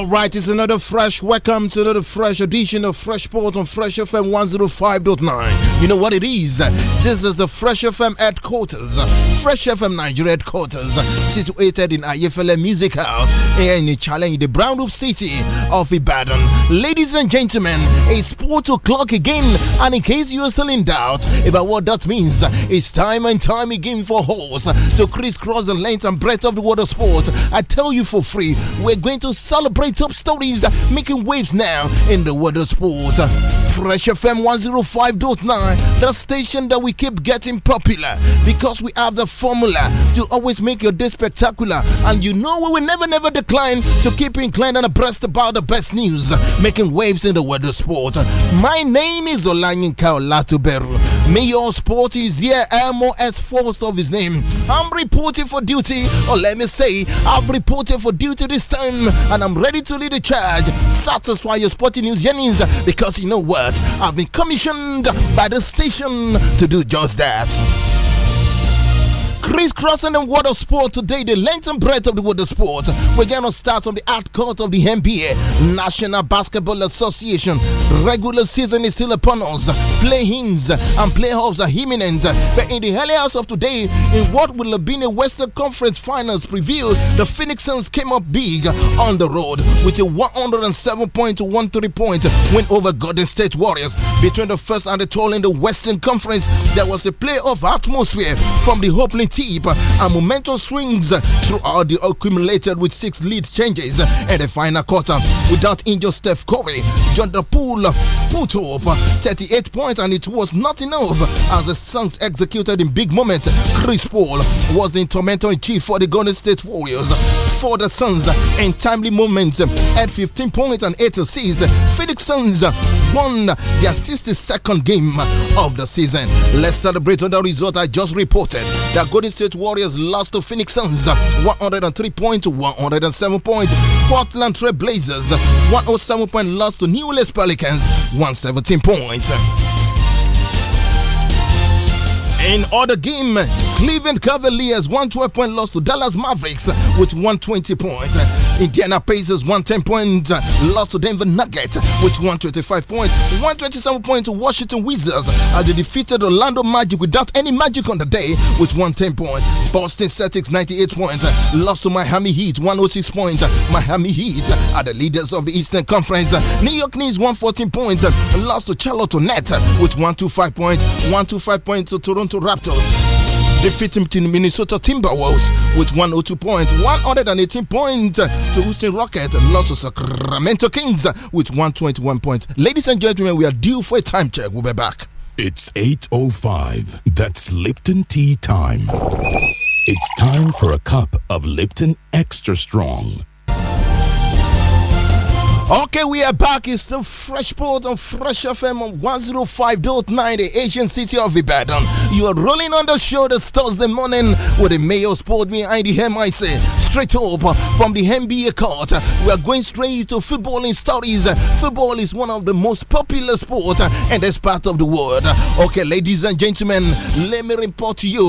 All right, it's another fresh welcome to another fresh edition of Fresh Port on Fresh FM 105.9. You know what it is? This is the Fresh FM headquarters, Fresh FM Nigeria headquarters, situated in Ayefele Music House here in challenge in the brown roof city of Ibadan. Ladies and gentlemen, it's sport o'clock again, and in case you're still in doubt about what that means, it's time and time again for horse to crisscross the length and breadth of the water sport. I tell you for free, we're going to celebrate my top stories making waves now in the world of sport. Fresh FM 105.9, the station that we keep getting popular because we have the formula to always make your day spectacular. And you know we will never, never decline to keep inclined and abreast about the best news making waves in the world of sport. My name is Olanyin Kaolatuberu. Mayor sporty is here. MOS first of his name. I'm reporting for duty, or let me say, I've reported for duty this time, and I'm ready to lead the charge. Satisfy your sporting news yearnings because you know what? I've been commissioned by the station to do just that crisscrossing the world of sport today, the length and breadth of the world of sport. We're going to start on the art court of the NBA, National Basketball Association. Regular season is still upon us. Play-ins and playoffs are imminent. But in the early hours of today, in what will have been a Western Conference Finals preview, the Phoenix Suns came up big on the road with a 107.13 point win over Golden State Warriors. Between the first and the toll in the Western Conference, there was a playoff atmosphere from the opening team and momentum swings throughout the accumulated with six lead changes in the final quarter. Without injured Steph Curry, John Poole put up 38 points and it was not enough as the Suns executed in big moment. Chris Paul was the tormentor in chief for the Golden State Warriors. For the Suns in timely moments at 15 points and 8 assists, Phoenix Suns won their 62nd game of the season. Let's celebrate on the result I just reported. The Golden Golden State Warriors lost to Phoenix Suns 103 points to 107 points. Portland Trail Blazers 107 points lost to New Orleans Pelicans 117 points. In other game, Cleveland Cavaliers 112 point loss to Dallas Mavericks with 120 points. Indiana Pacers 110 point loss to Denver Nuggets with 125 points. 127 points to Washington Wizards as they defeated Orlando Magic without any magic on the day with 110 points. Boston Celtics 98 points lost to Miami Heat 106 points. Miami Heat are the leaders of the Eastern Conference. New York Knicks 114 points lost to Charlotte Net with 125 points. 125 points to Toronto Raptors defeating Minnesota Timberwolves with 102 points, 118 points to Houston Rockets, lost to Sacramento Kings with 121 points. Ladies and gentlemen, we are due for a time check. We'll be back. It's 8.05. That's Lipton Tea Time. It's time for a cup of Lipton Extra Strong Okay, we are back. It's the Fresh Port on Fresh FM on 105.9, the Asian city of Ibadan. You are rolling on the show this Thursday morning with the Mayo Sport behind the MIC. Straight up from the NBA court, we are going straight to footballing stories. Football is one of the most popular sports in this part of the world. Okay, ladies and gentlemen, let me report to you.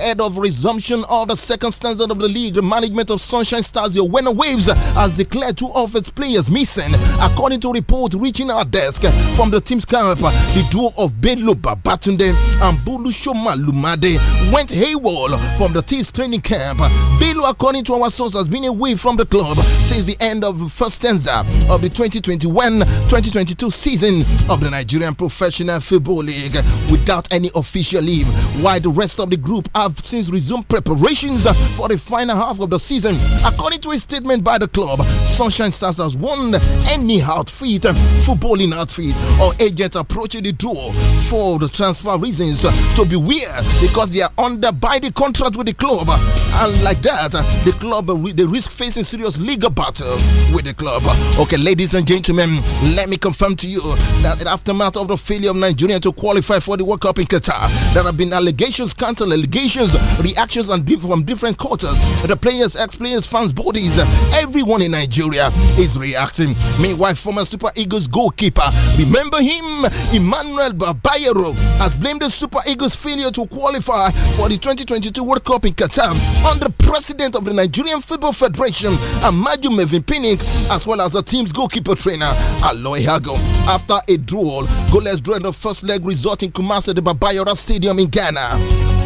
head of resumption of the second standard of the league, the management of Sunshine Stars, your winner waves, has declared two of its players, Miss missing. According to reports reaching our desk from the team's camp, the duo of Bedloba Batunde and Bulushoma Lumade went haywall from the team's training camp. Belu, according to our source, has been away from the club since the end of the first stanza of the 2021-2022 season of the Nigerian Professional Football League without any official leave, while the rest of the group have since resumed preparations for the final half of the season. According to a statement by the club, Sunshine Stars has won any outfit, footballing outfit, or agent approaching the door for the transfer reasons to beware because they are under by the contract with the club. And like that, the club the risk facing serious legal battle with the club. Okay, ladies and gentlemen, let me confirm to you that in aftermath of the failure of Nigeria to qualify for the World Cup in Qatar, there have been allegations, counter allegations, reactions and from different quarters. The players, ex-players, fans, bodies, everyone in Nigeria is reacting Meanwhile, former Super Eagles goalkeeper, remember him, Emmanuel Babayaro, has blamed the Super Eagles' failure to qualify for the 2022 World Cup in Qatar on the president of the Nigerian Football Federation, Amaju Pinnick, as well as the team's goalkeeper trainer, Aloy Hago. After a draw, goalless draw in the first leg result Kumasi the Babayora Stadium in Ghana.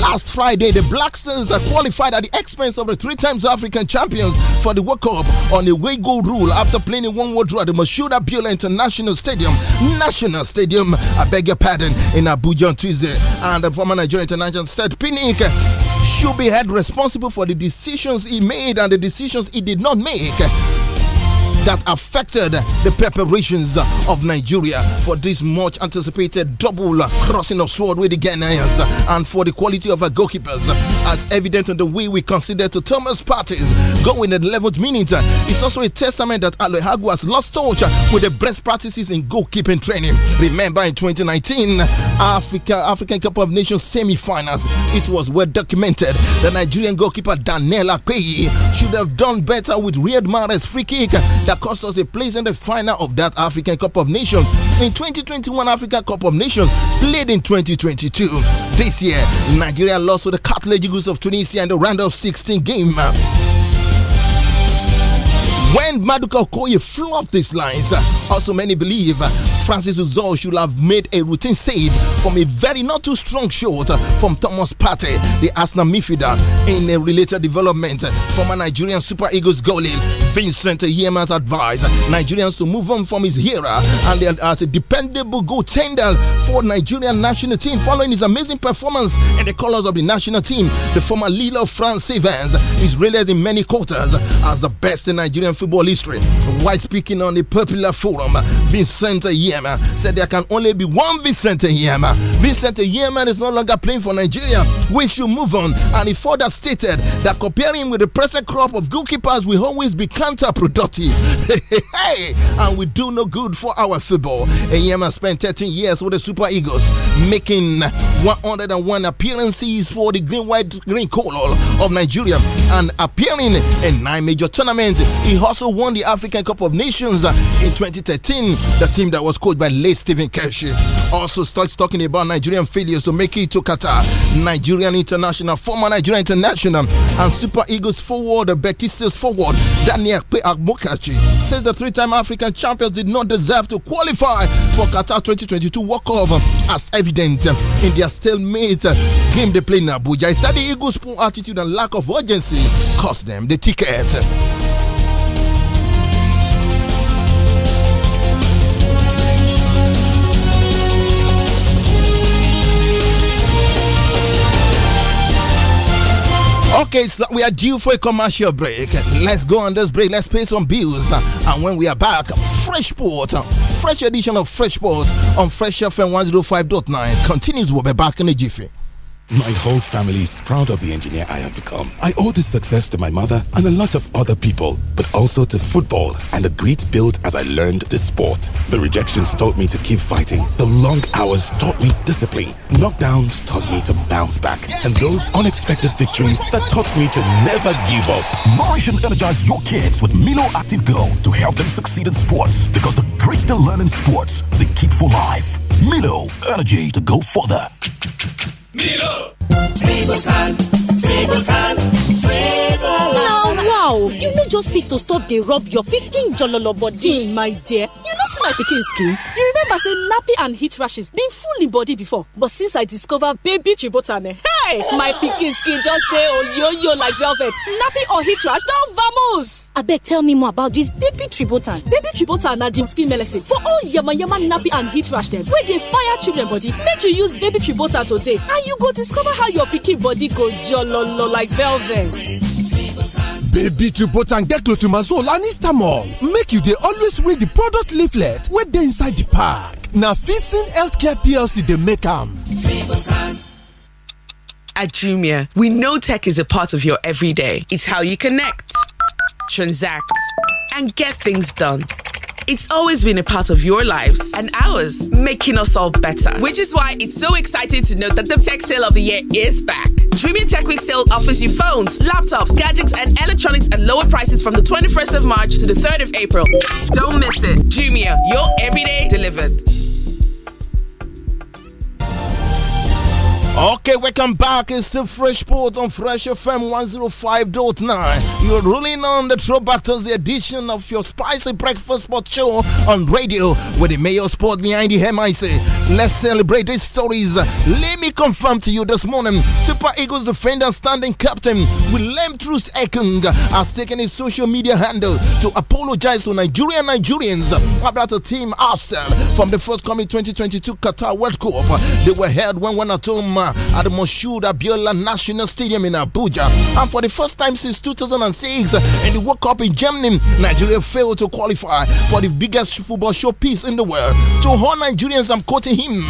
Last Friday, the Blackstones are qualified at the expense of the three times African champions for the World Cup on a way goal rule after playing a one world draw at the Mashuda Biola International Stadium, National Stadium, I beg your pardon, in Abuja on Tuesday. And the former Nigerian international said Pinnick should be held responsible for the decisions he made and the decisions he did not make that affected the preparations of Nigeria for this much anticipated double crossing of sword with the Ghanaians and for the quality of our goalkeepers as evident in the way we consider to Thomas parties going in the 11th minute. It's also a testament that Aloy Hagu has lost touch with the best practices in goalkeeping training. Remember in 2019 Africa African Cup of Nations semi-finals, it was well documented the Nigerian goalkeeper Daniela Pei should have done better with Riyad Mahrez free kick that that cost us a place in the final of that African Cup of Nations. In 2021 Africa Cup of Nations played in 2022. This year, Nigeria lost to the Catholic Eagles of Tunisia in the round of 16 game when Maduka Okoye off these lines. Also, many believe Francis Uzor should have made a routine save from a very not too strong shot from Thomas Partey, the Arsenal midfielder, in a related development from a Nigerian Super Eagles goalie. Vincent Yema's advice: Nigerians to move on from his era, and as a dependable goaltender for Nigerian national team following his amazing performance in the colours of the national team. The former leader of France Evans is rated in many quarters as the best in Nigerian football history. While speaking on a popular forum, Vincent Yema said there can only be one Vincent Yema. Vincent Yema is no longer playing for Nigeria. We should move on. And he further stated that comparing with the present crop of goalkeepers will always be counterproductive. *laughs* hey, and we do no good for our football. Enyema spent 13 years with the Super Eagles, making 101 appearances for the green white green color of Nigeria and appearing in nine major tournaments. He also won the African Cup of Nations in 2013, the team that was coached by late Stephen Keshi. Also starts talking about Nigerian failures to make it to Qatar. Nigerian international, former Nigerian international, and Super Eagles forward, Bekistas forward, Daniel Onyekpe Agbokachi uh, says the three time African champions did not deserve to qualify for Qatar 2022 walk over, as evident in their stalemate game they played in Abuja. He said the Eagles' poor attitude and lack of urgency cost them the ticket. Okay, so we are due for a commercial break. Let's go on this break. Let's pay some bills. And when we are back, Fresh Port, fresh edition of Fresh Port on Fresh FM 105.9 continues. We'll be back in a jiffy. My whole family is proud of the engineer I have become. I owe this success to my mother and a lot of other people, but also to football and the great build as I learned the sport. The rejections taught me to keep fighting. The long hours taught me discipline. Knockdowns taught me to bounce back. And those unexpected victories that taught me to never give up. Nourish and energize your kids with Milo Active Go to help them succeed in sports because the grit they learn in sports, they keep for life. Milo, energy to go further. Milo. Table time. Table. Wow! You no just fit to stop dey rub your picking jololo body hmm, my dear. You no see my picking skin? You remember say nappy and heat rashes been full in body before but since I discover baby Tribotan hey! My picking skin just there yo yo like velvet. Nappy or heat rash don't vamos. vamoose! beg tell me more about this baby Tribotan. Baby Tribotan na di skin medicine for all yama yama nappy and heat rash dem wey they fire children body make you use baby Tribotan today and you go discover how your picking body go jololo like velvet. baby to both and get soul, and istamol make you they always read the product leaflet when they inside the pack Now, fixing healthcare plc dey make am at Jumia, we know tech is a part of your everyday. It's how you connect, transact, and get things done. It's always been a part of your lives and ours, making us all better. Which is why it's so exciting to note that the tech sale of the year is back. Dreaming Tech Week sale offers you phones, laptops, gadgets, and electronics at lower prices from the 21st of March to the 3rd of April. Don't miss it. Jumia, your everyday delivered. Okay, welcome back. It's the Fresh Port on Fresh FM 105.9. You're ruling on the throwback to the edition of your spicy breakfast spot show on radio with the mayor sport behind the MIC. Let's celebrate these stories. Let me confirm to you this morning Super Eagles defender standing captain William Truce Ekong has taken his social media handle to apologize to Nigerian Nigerians about the team Arsenal from the forthcoming 2022 Qatar World Cup. They were held when one at home at the Moshood Abiola National Stadium in Abuja. And for the first time since 2006 in the World Cup in Germany, Nigeria failed to qualify for the biggest football showpiece in the world. To all Nigerians, I'm quoting him.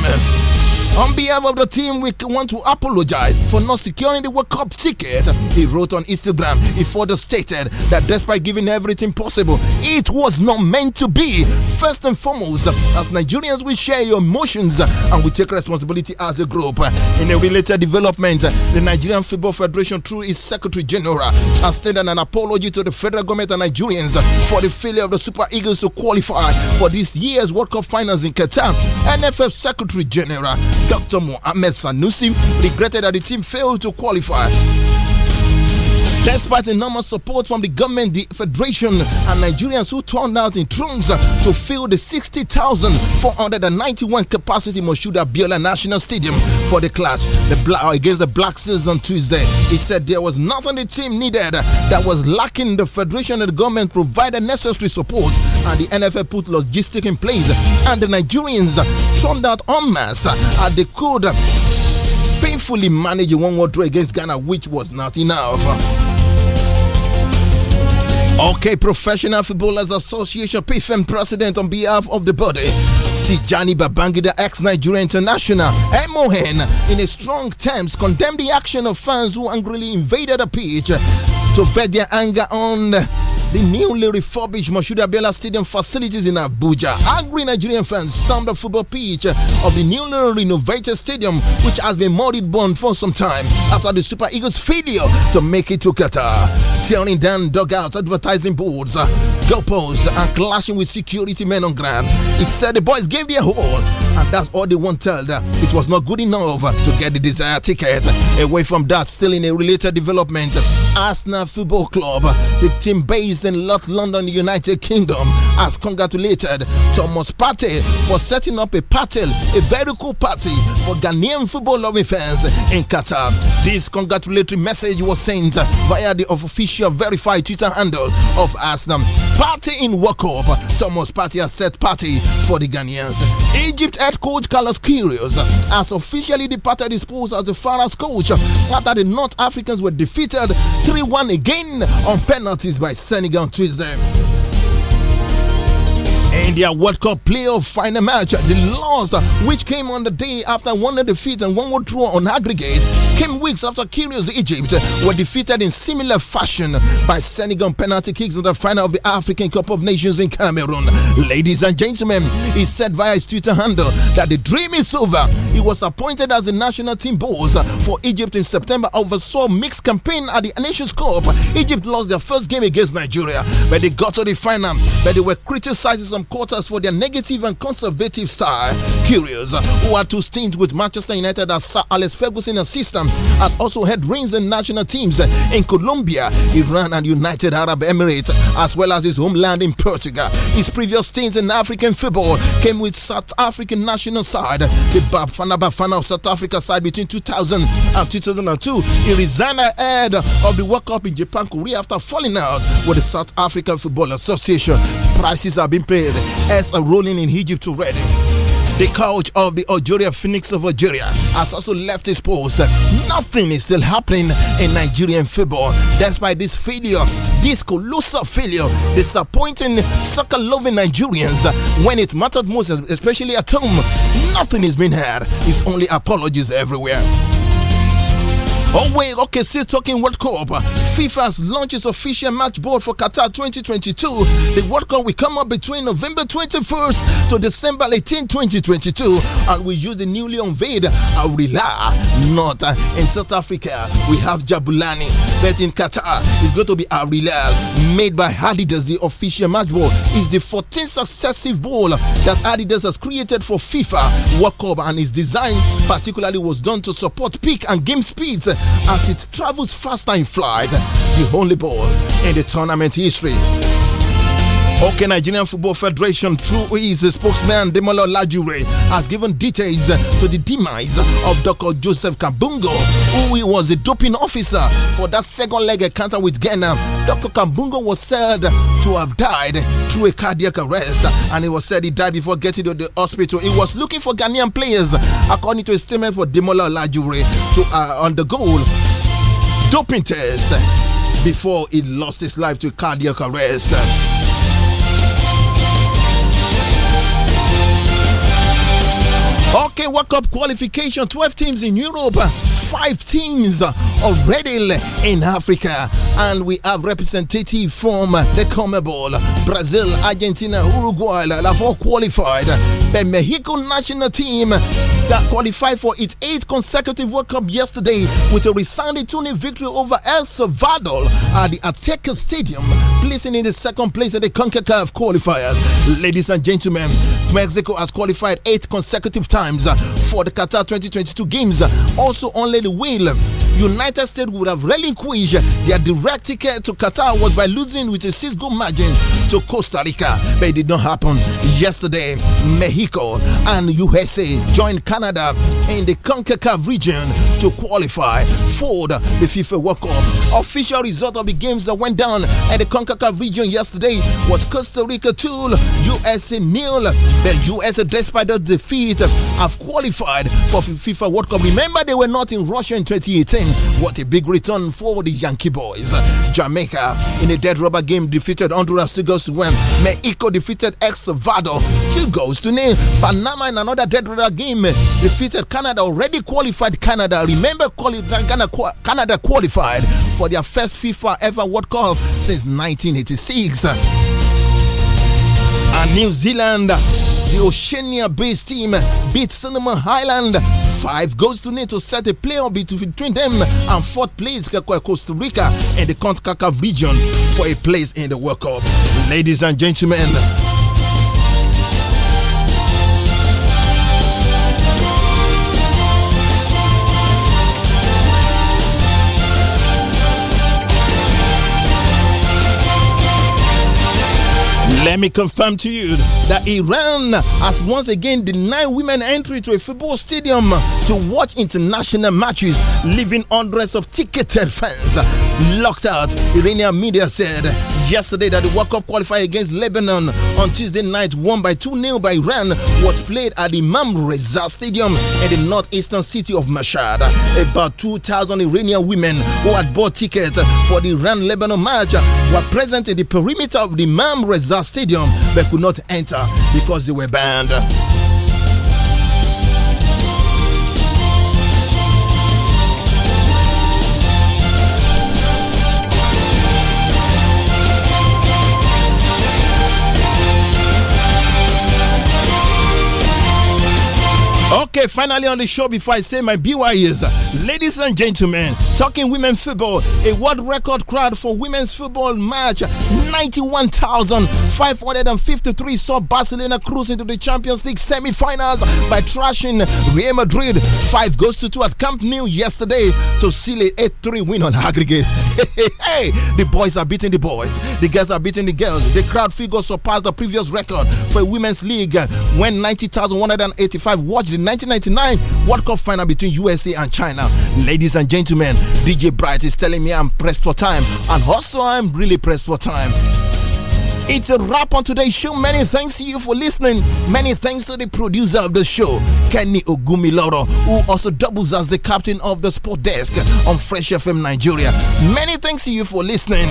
On behalf of the team, we want to apologize for not securing the World Cup ticket, he wrote on Instagram. He further stated that despite giving everything possible, it was not meant to be. First and foremost, as Nigerians, we share your emotions and we take responsibility as a group. In a related development, the Nigerian Football Federation, through its Secretary General, has stated an apology to the federal government and Nigerians for the failure of the Super Eagles to qualify for this year's World Cup finals in Qatar. NFF Secretary General Dr. Mohamed Sanusi regretted that the team failed to qualify Despite enormous support from the government, the Federation, and Nigerians who turned out in trunks to fill the 60,491 capacity Moshuda Biola National Stadium for the clash the uh, against the Black Seals on Tuesday, he said there was nothing the team needed that was lacking. The Federation and the government provided necessary support, and the NFL put logistics in place, and the Nigerians turned out en masse at the could painfully manage a one-one draw against Ghana, which was not enough. Okay, Professional Footballers Association, PFM president on behalf of the body. Tijani Babangida, ex Nigeria international, MON, in a strong terms, condemned the action of fans who angrily invaded the pitch to vent their anger on the newly refurbished Moshood Abiola Stadium facilities in Abuja. Angry Nigerian fans stormed the football pitch of the newly renovated stadium, which has been moribund for some time after the Super Eagles' failure to make it to Qatar. Tearing down dugout advertising boards, goalposts, and clashing with security men on ground. He said the boys gave their all and that's all they want tell wanted. It was not good enough to get the desired ticket. Away from that, still in a related development, Arsenal Football Club, the team based in North London, United Kingdom, has congratulated Thomas Partey for setting up a party, a very cool party for Ghanaian football loving fans in Qatar. This congratulatory message was sent via the official verified Twitter handle of Arsenal. Party in World Cup, Thomas Partey has set party for the Ghanaians. Egypt head coach Carlos Curios, has officially departed his post as the Pharaohs coach after the North Africans were defeated 3 1 again on penalties by Senegal on Tuesday. India World Cup playoff final match. the last which came on the day after one defeat and one draw on aggregate. Came weeks after Curious Egypt were defeated in similar fashion by Senegal penalty kicks in the final of the African Cup of Nations in Cameroon. Ladies and gentlemen, he said via his Twitter handle that the dream is over. He was appointed as the national team boss for Egypt in September, oversaw mixed campaign at the Nations Cup. Egypt lost their first game against Nigeria, but they got to the final, but they were criticizing some and quarters for their negative and conservative side. Curious, who had to stint with Manchester United as Sir Alex Ferguson assistant, had also had rings in national teams in Colombia, Iran, and United Arab Emirates, as well as his homeland in Portugal. His previous stints in African football came with South African national side, the Bafana Bafana of South Africa side between 2000 and 2002. He resigned ahead of the World Cup in Japan, Korea after falling out with the South African Football Association. Prices have been paid as a ruling in Egypt already. The coach of the Algeria Phoenix of Algeria has also left his post. Nothing is still happening in Nigerian football. Despite this failure, this colossal failure, disappointing soccer loving Nigerians when it mattered most, especially at home, nothing is being heard. It's only apologies everywhere. Oh, wait, okay, still talking World Cup. launched launches official match board for Qatar 2022. The World Cup will come up between November 21st to December 18, 2022, and we use the newly unveiled Aurila Not uh, In South Africa, we have Jabulani, but in Qatar, it's going to be Aurila, made by Adidas, the official match board. It's the 14th successive ball that Adidas has created for FIFA World Cup, and its design particularly was done to support peak and game speeds as it travels faster in flight, the only ball in the tournament history. OK Nigerian Football Federation, through his spokesman Demola Lajure, has given details to the demise of Dr. Joseph Kabungo, who was the doping officer for that second leg encounter with Ghana. Dr. Kabungo was said to have died through a cardiac arrest, and it was said he died before getting to the hospital. He was looking for Ghanaian players, according to a statement for Demola Lajure, to uh, undergo doping test before he lost his life to cardiac arrest Okay, World Cup qualification, 12 teams in Europe five teams already in Africa. And we have representative from the Comebol, Brazil, Argentina, Uruguay have all qualified. The Mexico national team that qualified for its eighth consecutive World Cup yesterday with a resounding 2 victory over El Salvador at the Azteca Stadium, placing in the second place in the CONCACAF qualifiers. Ladies and gentlemen, Mexico has qualified eight consecutive times for the Qatar 2022 games. Also, only the wheel. United States would have relinquished their direct ticket to Qatar was by losing with a six goal margin to Costa Rica, but it did not happen. Yesterday, Mexico and USA joined Canada in the CONCACAF region to qualify for the FIFA World Cup. Official result of the games that went down at the CONCACAF region yesterday was Costa Rica 2, USA nil. But USA, despite the defeat, have qualified for FIFA World Cup. Remember, they were not in Russia in 2018. What a big return for the Yankee boys. Jamaica in a dead rubber game defeated Honduras two goals to win. Mexico defeated El Salvador two goals to nil. Panama in another dead rubber game defeated Canada. Already qualified Canada. Remember, Canada qualified for their first FIFA ever World Cup since 1986. And New Zealand the Oceania based team beat Cinnamon Highland five goals to need to set a playoff between them and fourth place Costa Rica in the CONCACAF region for a place in the World Cup. Ladies and gentlemen, Let me confirm to you that Iran has once again denied women entry to a football stadium to watch international matches, leaving hundreds of ticketed fans locked out. Iranian media said yesterday that the World Cup qualifier against Lebanon on Tuesday night won by 2 0 by Iran was played at the Imam Reza Stadium in the northeastern city of Mashhad. About 2,000 Iranian women who had bought tickets for the Iran Lebanon match were present in the perimeter of the Imam Reza Stadium but could not enter because they were banned. Okay, finally on the show before I say my BYs, ladies and gentlemen, talking women football, a world record crowd for women's football match, 91,553 saw Barcelona cruise into the Champions League semi-finals by thrashing Real Madrid 5 goes to 2 at Camp Nou yesterday to seal a 8-3 win on aggregate. *laughs* hey, the boys are beating the boys, the girls are beating the girls. The crowd figure surpassed the previous record for a women's league when 90,185 watched the 90 1999 World Cup final between USA and China. Ladies and gentlemen, DJ Bright is telling me I'm pressed for time, and also I'm really pressed for time. It's a wrap on today's show. Many thanks to you for listening. Many thanks to the producer of the show, Kenny Ogumiloro, who also doubles as the captain of the sport desk on Fresh FM Nigeria. Many thanks to you for listening.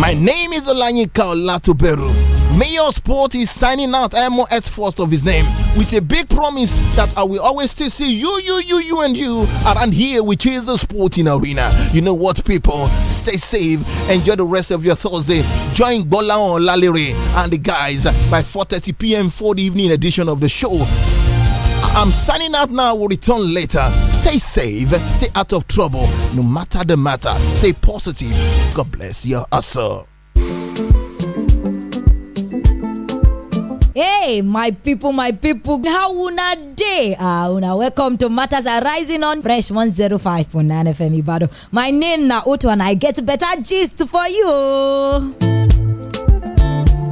My name is Olanyi Kaolatuberu. Mayor Sport is signing out IMO at first of his name with a big promise that I will always still see you, you, you, you, and you around here, which is the sporting arena. You know what, people? Stay safe. Enjoy the rest of your Thursday. Join Bola on Lalere and the guys by 4.30 p.m. for the evening edition of the show. I'm signing out now. We'll return later. Stay safe. Stay out of trouble. No matter the matter. Stay positive. God bless your hustle. Hey, my people, my people, how una day? Ah, una welcome to Matters Arising on Fresh 105.9 FM Ibado. My name na Otu and I get better gist for you.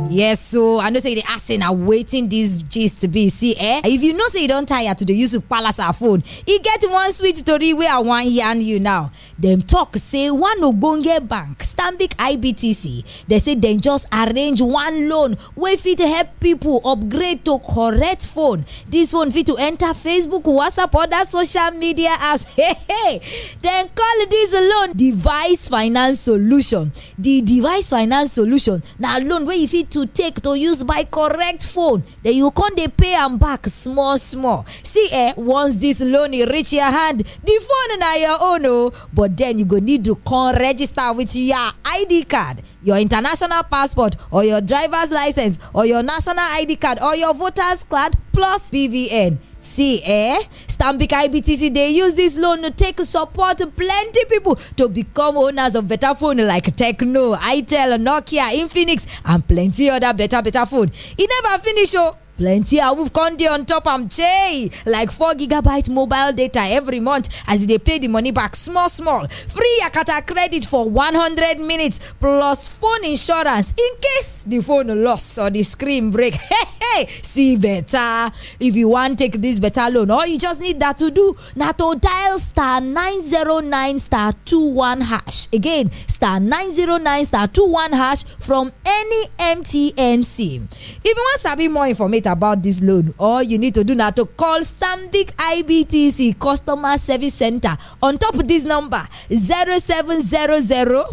Yes, so I know say the asking are waiting this gist to be. See, eh? If you know say you don't tire to the use of palace our phone, You get one sweet story where I want yarn you now dem talk say one ogbonge bank stanbic ibtc dey say dem just arrange one loan wey fit help pipo upgrade to correct phone dis phone fit to enter facebook whatsapp other social media apps *laughs* hey hey dem call dis loan device finance solution di device finance solution na loan wey you fit to take to use buy correct phone den you con dey pay am back small small see eh once dis loan reach your hand di phone na your own o oh. but then you go need to come register with your id card your international passport or your driver's license or your national id card or your voters card plus pvn see eh stambika ibtc they use this loan to take support plenty people to become owners of better phone like techno itel nokia infinix and plenty other better better phone It never finish oh plenty of con dey on top i am jay like four gigabyte mobile data every month as they pay the money back small small free akata credit for one hundred minutes plus phone insurance in case the phone lost or the screen break *laughs* hey hey see better if you want take this better loan all you just need that to do na to dial star nine zero nine star two one hash again star nine zero nine star two one hash from any mtn sim if you to be more information complaint about this loan all you need to do now to call stanbic ibtc customer service center on top of this number zero seven zero zero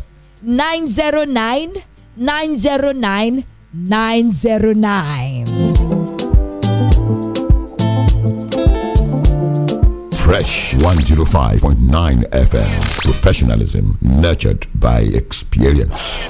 nine zero nine nine zero nine nine zero nine. Fresh 105.9 FM. Professionalism nurtured by experience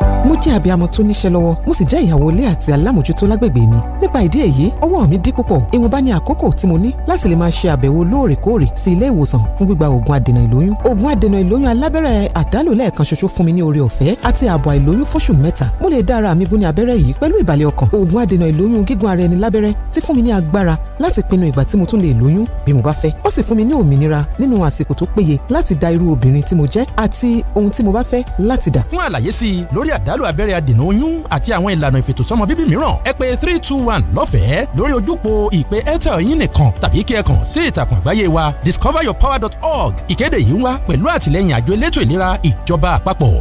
mo jẹ́ abiyamọ tó níṣẹ́ lọ́wọ́ mo sì jẹ́ ìyàwó ilé àti alámòjútó lágbègbè mi nípa ìdí èyí ọwọ́ mi dí púpọ̀ ìwọ̀nba ní àkókò tí mo ní láti lè máa ṣe àbẹ̀wò lóòrèkóòrè sí ilé ìwòsàn fún gbígba oògùn adènà ìlóyún oògùn adènà ìlóyún alábẹ́rẹ́ àdálò lẹ́ẹ̀kan ṣoṣo fún mi ní oore ọ̀fẹ́ àti ààbò àìlóyún fóṣù mẹ́ta mo lè dá ara mi gún ní abẹ́rẹ́ yìí pẹ̀lú ìbàlẹ̀ ọkàn oògùn adènà ìlóyún gígùn ara ẹni lábẹ́rẹ́ ti fún mi ní agbára láti pinnu ìgbà tí mo tún lè lóyún bí mo bá dá lórí àdálù abẹ́rẹ́ adènà oyún àti àwọn ìlànà ìfètòsọ́mọ bíbí mìíràn ẹ pè three two one lọ́fẹ̀ẹ́ lórí ojúpo ìpè airtel yín nìkan tàbí kí ẹ kàn sí ìtàkùn àgbáyé wa discoveryourpower.org ìkéde yìí ń wá pẹ̀lú àtìlẹ́yìn àjọ elétò ìlera ìjọba àpapọ̀.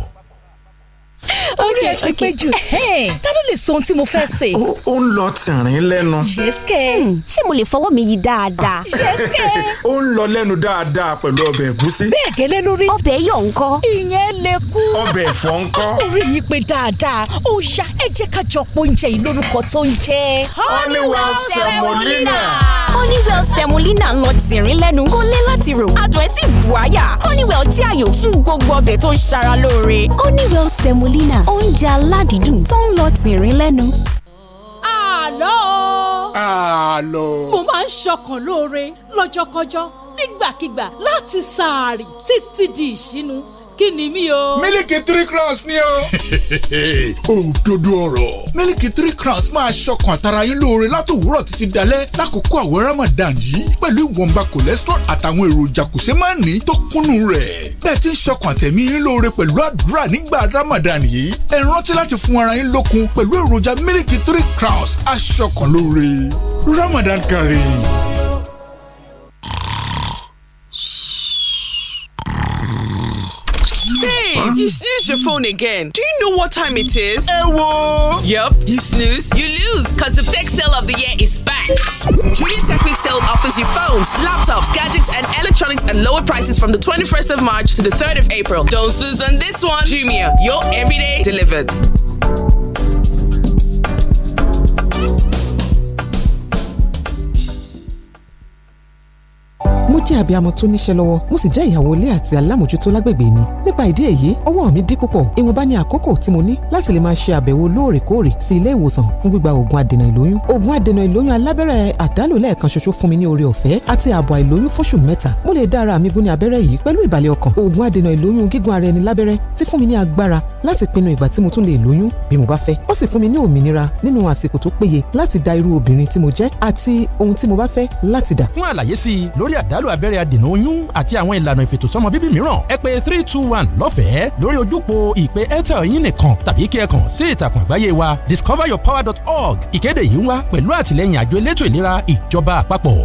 ó ní ẹ ti pé jù. ta ló lè sọ ohun tí mo fẹ́ ṣe. ó ń lọ tìrín lẹ́nu. yẹ́sìkẹ́. Hmm, ṣé mo lè fọwọ́ mi yí dáadáa. yẹ́sìkẹ́. *laughs* ó ń lọ lẹ́nu dáadáa pẹ̀lú ọbẹ̀ ẹ̀gúsí. bẹ́ẹ̀ gẹ́lẹ́ lórí. ọbẹ̀ yọ̀ ńkọ́. ìyẹn lè kú. ọbẹ̀ ẹ̀fọ́ ńkọ́. orí yìí pé dáadáa ó ya ẹ jẹ́ ká jọ pọ̀ yìí lórúkọ tó ń jẹ́. Honeywell semolina. Honeywell semolina ń lọ tìrín lẹ́nu kó lé láti rò adùn ẹ̀ sì bù àyà Honeywell jẹ́ àyò fún gbogbo ọbẹ̀ tó ń ṣara lóore Honeywell semolina oúnjẹ aládìídùn tó ń lọ tìrín lẹ́nu. àlọ́ àlọ́. mo máa ń ṣọkàn lóore lọ́jọ́kọjọ́ nígbàkigbà láti sàárì títí di ìṣínú mílíkì ni mí o. mílíkì three crowns ni o. *laughs* òdodo ọ̀rọ̀ mílíkì three crowns máa ṣọkàn àtàrà yín lóore látòwúrọ̀ títí dalẹ́ lákòókò àwẹ̀ Ramadan yìí pẹ̀lú ìwọ̀nba cholesterol àtàwọn èròjà kò ṣe máa ní tó kúnnú rẹ̀ bẹ́ẹ̀ tí ń ṣọkàn àtẹ̀mí yín lóore pẹ̀lú àdúrà nígbà Ramadan yìí ẹ rántí láti fún ara yín lókun pẹ̀lú èròjà mílíkì three crowns aṣọkàn lóore Ramadan kari. phone. You snooze your phone again. Do you know what time it is? Ewo! Yep, you snooze, you lose. Because the tech sale of the year is back. Junior Tech Week sale offers you phones, laptops, gadgets, and electronics at lower prices from the 21st of March to the 3rd of April. Don't snooze on this one. Jumia, your everyday delivered. mo jẹ́ abiyamọ tó níṣẹ́ lọ́wọ́ mo sì jẹ́ ìyàwó ilé àti alámòjútó lágbègbè mi nípa ìdí èyí ọwọ́ mi dí púpọ̀ ìwọ̀nba ní àkókò tí mo ní láti lè máa ṣe àbẹ̀wò lóòrèkóòrè sí ilé ìwòsàn fún gbígba oògùn adènà ìlóyún oògùn adènà ìlóyún alábẹ́rẹ́ àdálò lẹ́ẹ̀kan ṣoṣo fún mi ní oore ọ̀fẹ́ àti ààbò àìlóyún fóṣù mẹ́ta mo lè dá ara mi gún ní abẹ́rẹ́ yìí pẹ̀lú ìbàlẹ̀ ọkàn oògùn adènà ìlóyún gígùn ara ẹni lábẹ́rẹ́ ti fún mi ní agbára láti pinnu ìgbà tí mo tún lè lóyún bí mo bá fẹ́ ó sì fún mi ní òmìnira nínú àsìkò tó péye láti dá irú obìnrin tí mo jẹ́ àti ohun tí mo bá fẹ́ láti dà. fún àlàyé sí i lórí lórí àdálù abẹ́rẹ́ adènà oyún àti àwọn ìlànà ìfètòsọ́mọ bíbí mìíràn ẹ pè three two one lọ́fẹ̀ẹ́ lórí ojúpo ìpè airtel yín nìkan tàbí kí ẹ kàn sí ìtàkùn àgbáyé wa discoveryourpower.org ìkéde yìí ń wá pẹ̀lú àtìlẹ́yìn àjọ elétò ìlera ìjọba àpapọ̀.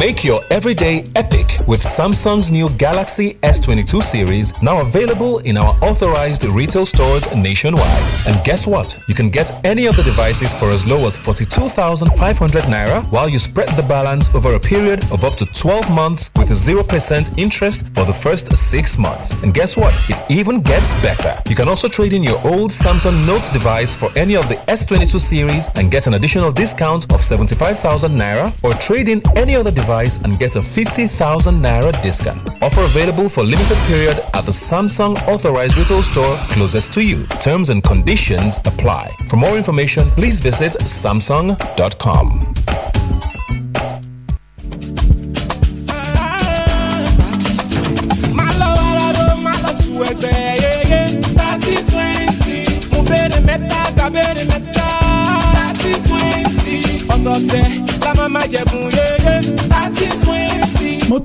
Make your everyday epic with Samsung's new Galaxy S22 series, now available in our authorized retail stores nationwide. And guess what? You can get any of the devices for as low as 42,500 naira while you spread the balance over a period of up to 12 months with 0% interest for the first 6 months. And guess what? It even gets better. You can also trade in your old Samsung Note device for any of the S22 series and get an additional discount of 75,000 naira or trade in any of the device and get a 50,000 Naira discount. Offer available for limited period at the Samsung authorized retail store closest to you. Terms and conditions apply. For more information, please visit samsung.com.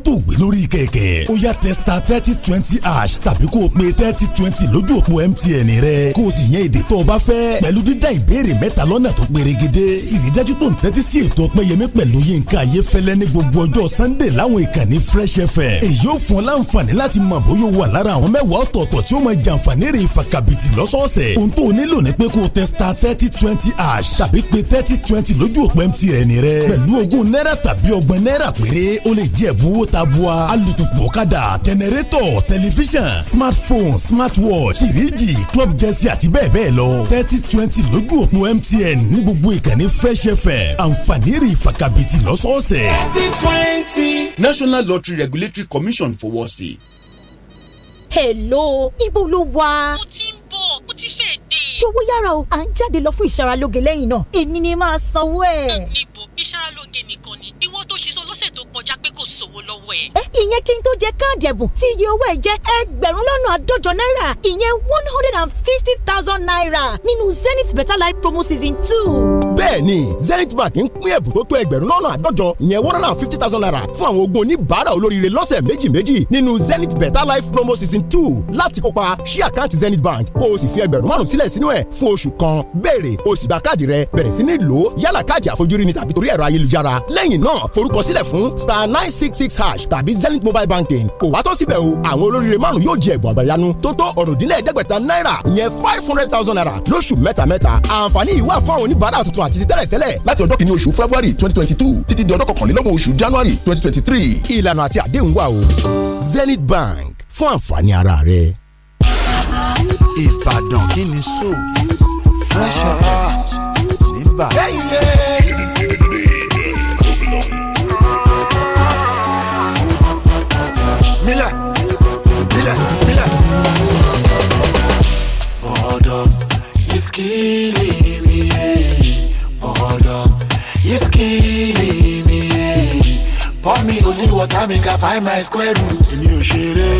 tó gbé lórí kékèké ó yá testa thirty twenty ash tàbí kó o pe thirty twenty lójú òpó mtn rẹ kó o sì yan èdè tó o bá fẹ́ pẹ̀lú dídá ìbéèrè mẹ́ta lọ́nà tó perégedé ìrídájú tó ń tẹ́tí sí ètò ọpẹ́yẹmí pẹ̀lú yínká ayéfẹ́lẹ́ ní gbogbo ọjọ́ sunday láwọn ìkànnì fresh fm èyí ó fún ọ láǹfààní láti mọ bóyá o wà lára àwọn mẹ́wàá ọ̀tọ̀ọ̀tọ̀ tí ó máa jàǹfààní rè fàkàbìtì lọ́sọ̀ọ̀sẹ̀ testa thirty twenty ash tàbí pe thirty twenty lójú òpó mtn rẹ pẹ̀lú ogún náírà tàbí ọgbọ̀n náírà péré o lè tabua alùpùpù kàdà jẹnẹrétọ̀ tẹlifíṣàn smartphone smartwatch fìríjì club jẹ́sí àti bẹ́ẹ̀ bẹ́ẹ̀ lọ thirty twenty lójú òpó MTN ní gbogbo ìkànnì Fresh FM àǹfààní rí ìfakabìtì lọ́sọ̀ọ̀sẹ̀. thirty twenty. National Lottery Regulatory Commission fọwọ́ sí. hello ibo ló wà. mo ti ń bọ̀ mo ti fẹ́ dé. jọ̀wọ́ yára o à ń jáde lọ fún ìṣaralóge lẹ́yìn náà èmi ni máa sanwó ẹ̀. níbo ìṣaralóge nìkan ni ìwọ tó ṣe kọjá pé kò sówó lọ́wọ́ ẹ̀. ẹ ìyẹn kí n tó jẹ káàdì ẹ̀bùn tí iye owó ẹ̀ jẹ́ ẹgbẹ̀rún lọ́nà àádọ́jọ náírà ìyẹn one hundred and fifty thousand naira nínú Zenith Better Life promo season two bẹ́ẹ̀ ni Zenith Bank ń pín ẹ̀bùn tó tó ẹgbẹ̀rún lọ́nà àádọ́jọ ìyẹn one hundred and fifty thousand naira fún àwọn ogún oníbàárà olóríire lọ́sẹ̀ méjì méjì nínú Zenith Better Life promo season two láti kópa ṣí àkáǹtì Zenith Bank kó o sì fi ẹgbẹ̀rún márùn sílẹ̀ sínú ẹ̀ fún oṣù kan béèrè o sì gba káàdì rẹ bẹ̀rẹ̀ sí ní lò ó yálà káàdì àfojúrí ni tàbí torí ẹ̀rọ ayélujára lẹ́yìn náà forúkọsílẹ̀ fún star nine six six hash tàbí Zenith mobile banking kò wá tó síbẹ̀ o àwọn olóríire márùn yóò jẹ ẹ̀bùn àgbàyanu tó tó ọ̀rọ̀dínlẹ̀ẹ́dẹ́gbẹ̀ta náírà ìyẹn five hundred thousand naira lóṣù mẹ́ta mẹ́ta àǹfààní yìí wà fún àwọn oníbàárà tuntun àti ti tẹ́lẹ̀ tẹ́lẹ̀ láti ọjọ́ kìíní oṣù february twenty twenty two títí di ọjọ́ kọkànlélọ́gbọ̀n oṣù january twenty twenty three ìlànà àti àdéhùn wà o zenith bank fún àǹfààní ara rẹ. ìbàdàn kí ni so fresh air níbàdàn. killing me. water maker find my square root mi ò ṣeré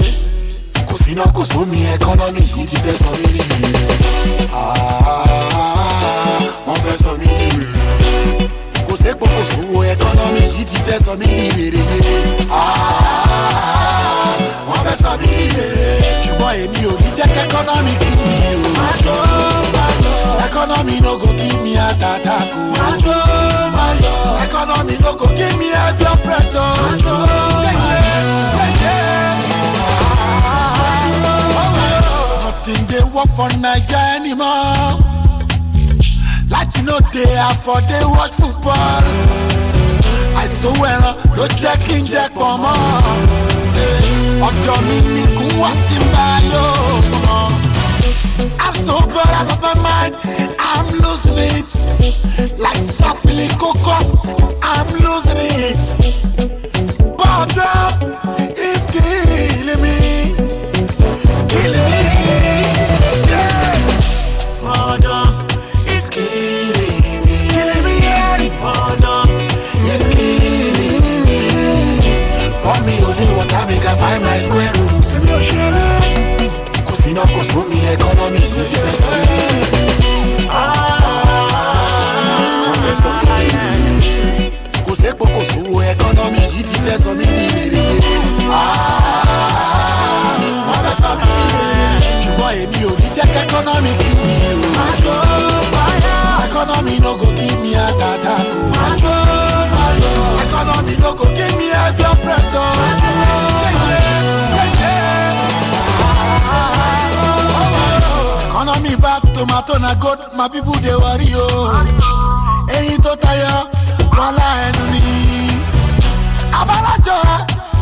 kò síná kò sómi economy yìí ti fẹ́ sọ mí ní ìrẹ́ ah, wọ́n fẹ́ sọ mí ní ìrẹ́ kò sépo kò sówó economy yìí ti fẹ́ sọ mí ní ìrẹ́ ah, wọ́n fẹ́ sọ mí ní ìrẹ́ ṣùgbọ́n èmi ò ní jẹ́ kẹ́kọ́nọ́mì kí ni o economy no go give me heart attack o. Oh. Ajo my love, economy no go give me high blood pressure. Ajo my love, nothing dey work for Naija anymore. Latino dey afford dey watch football. Àìsówó ẹran ló jẹ́ kí n jẹ pọ̀ mọ́. Ọ̀dọ̀ mi nìkún wá kí n bá yóò so bad out of my mind. I'm losing it. Like Safili Cocos, I'm losing it. Bottom is killing me. Killing me. Yeah. Bottom is killing me. Killing me. Yeah. is killing me. Pour me, only what make, I find my square root. Kò sí náà kò sóò economy no dey vex for me. no vex for me. kò economy yìí ti fẹ́ sọ mí di rèrèyè. o. àjò báyà. economy no go give me a dada go. àjò economy no go give me heavy pressure. àjò tomato na gold my people dey worry o eyín tó tayọ wọn lá ni abalájọ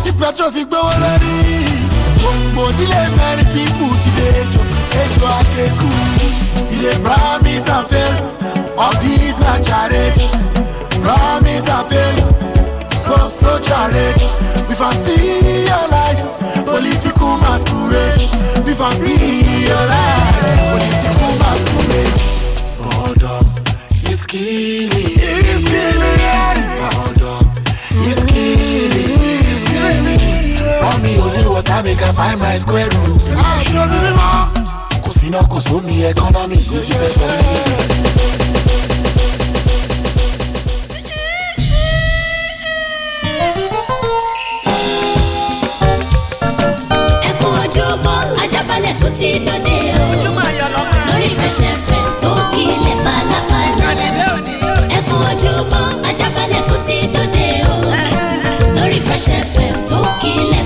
tí petro fi gbówó lórí gbòǹgbò dílé mẹrin pípù ti dé ejò ejò akeku e promise and fail all this na charade promise and fail so so charade we fancy your life. Political masquerade If I see your life Political masquerade Hold up, it's killing is killing Hold up, it's killing is killing me Run me only water make I find my square root I ah, don't know Kò sí náà kò sómi economy Yóò ti fẹ́ sọ mí ti dòde o lórí falafala ẹ kú ojúmọ́ Ajaabale tó ti dòde o lórí fẹsẹ̀fẹ̀ tó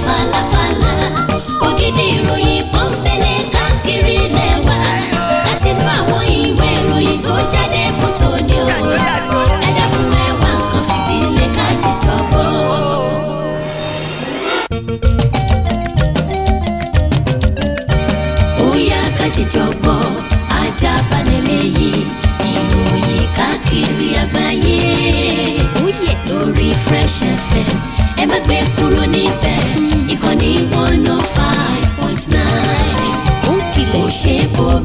falafala ògidì ìròyìn pọ́npẹ́lẹ́ káàkiri lẹ́wà látinú àwọn ìwé ìròyìn jáde fún.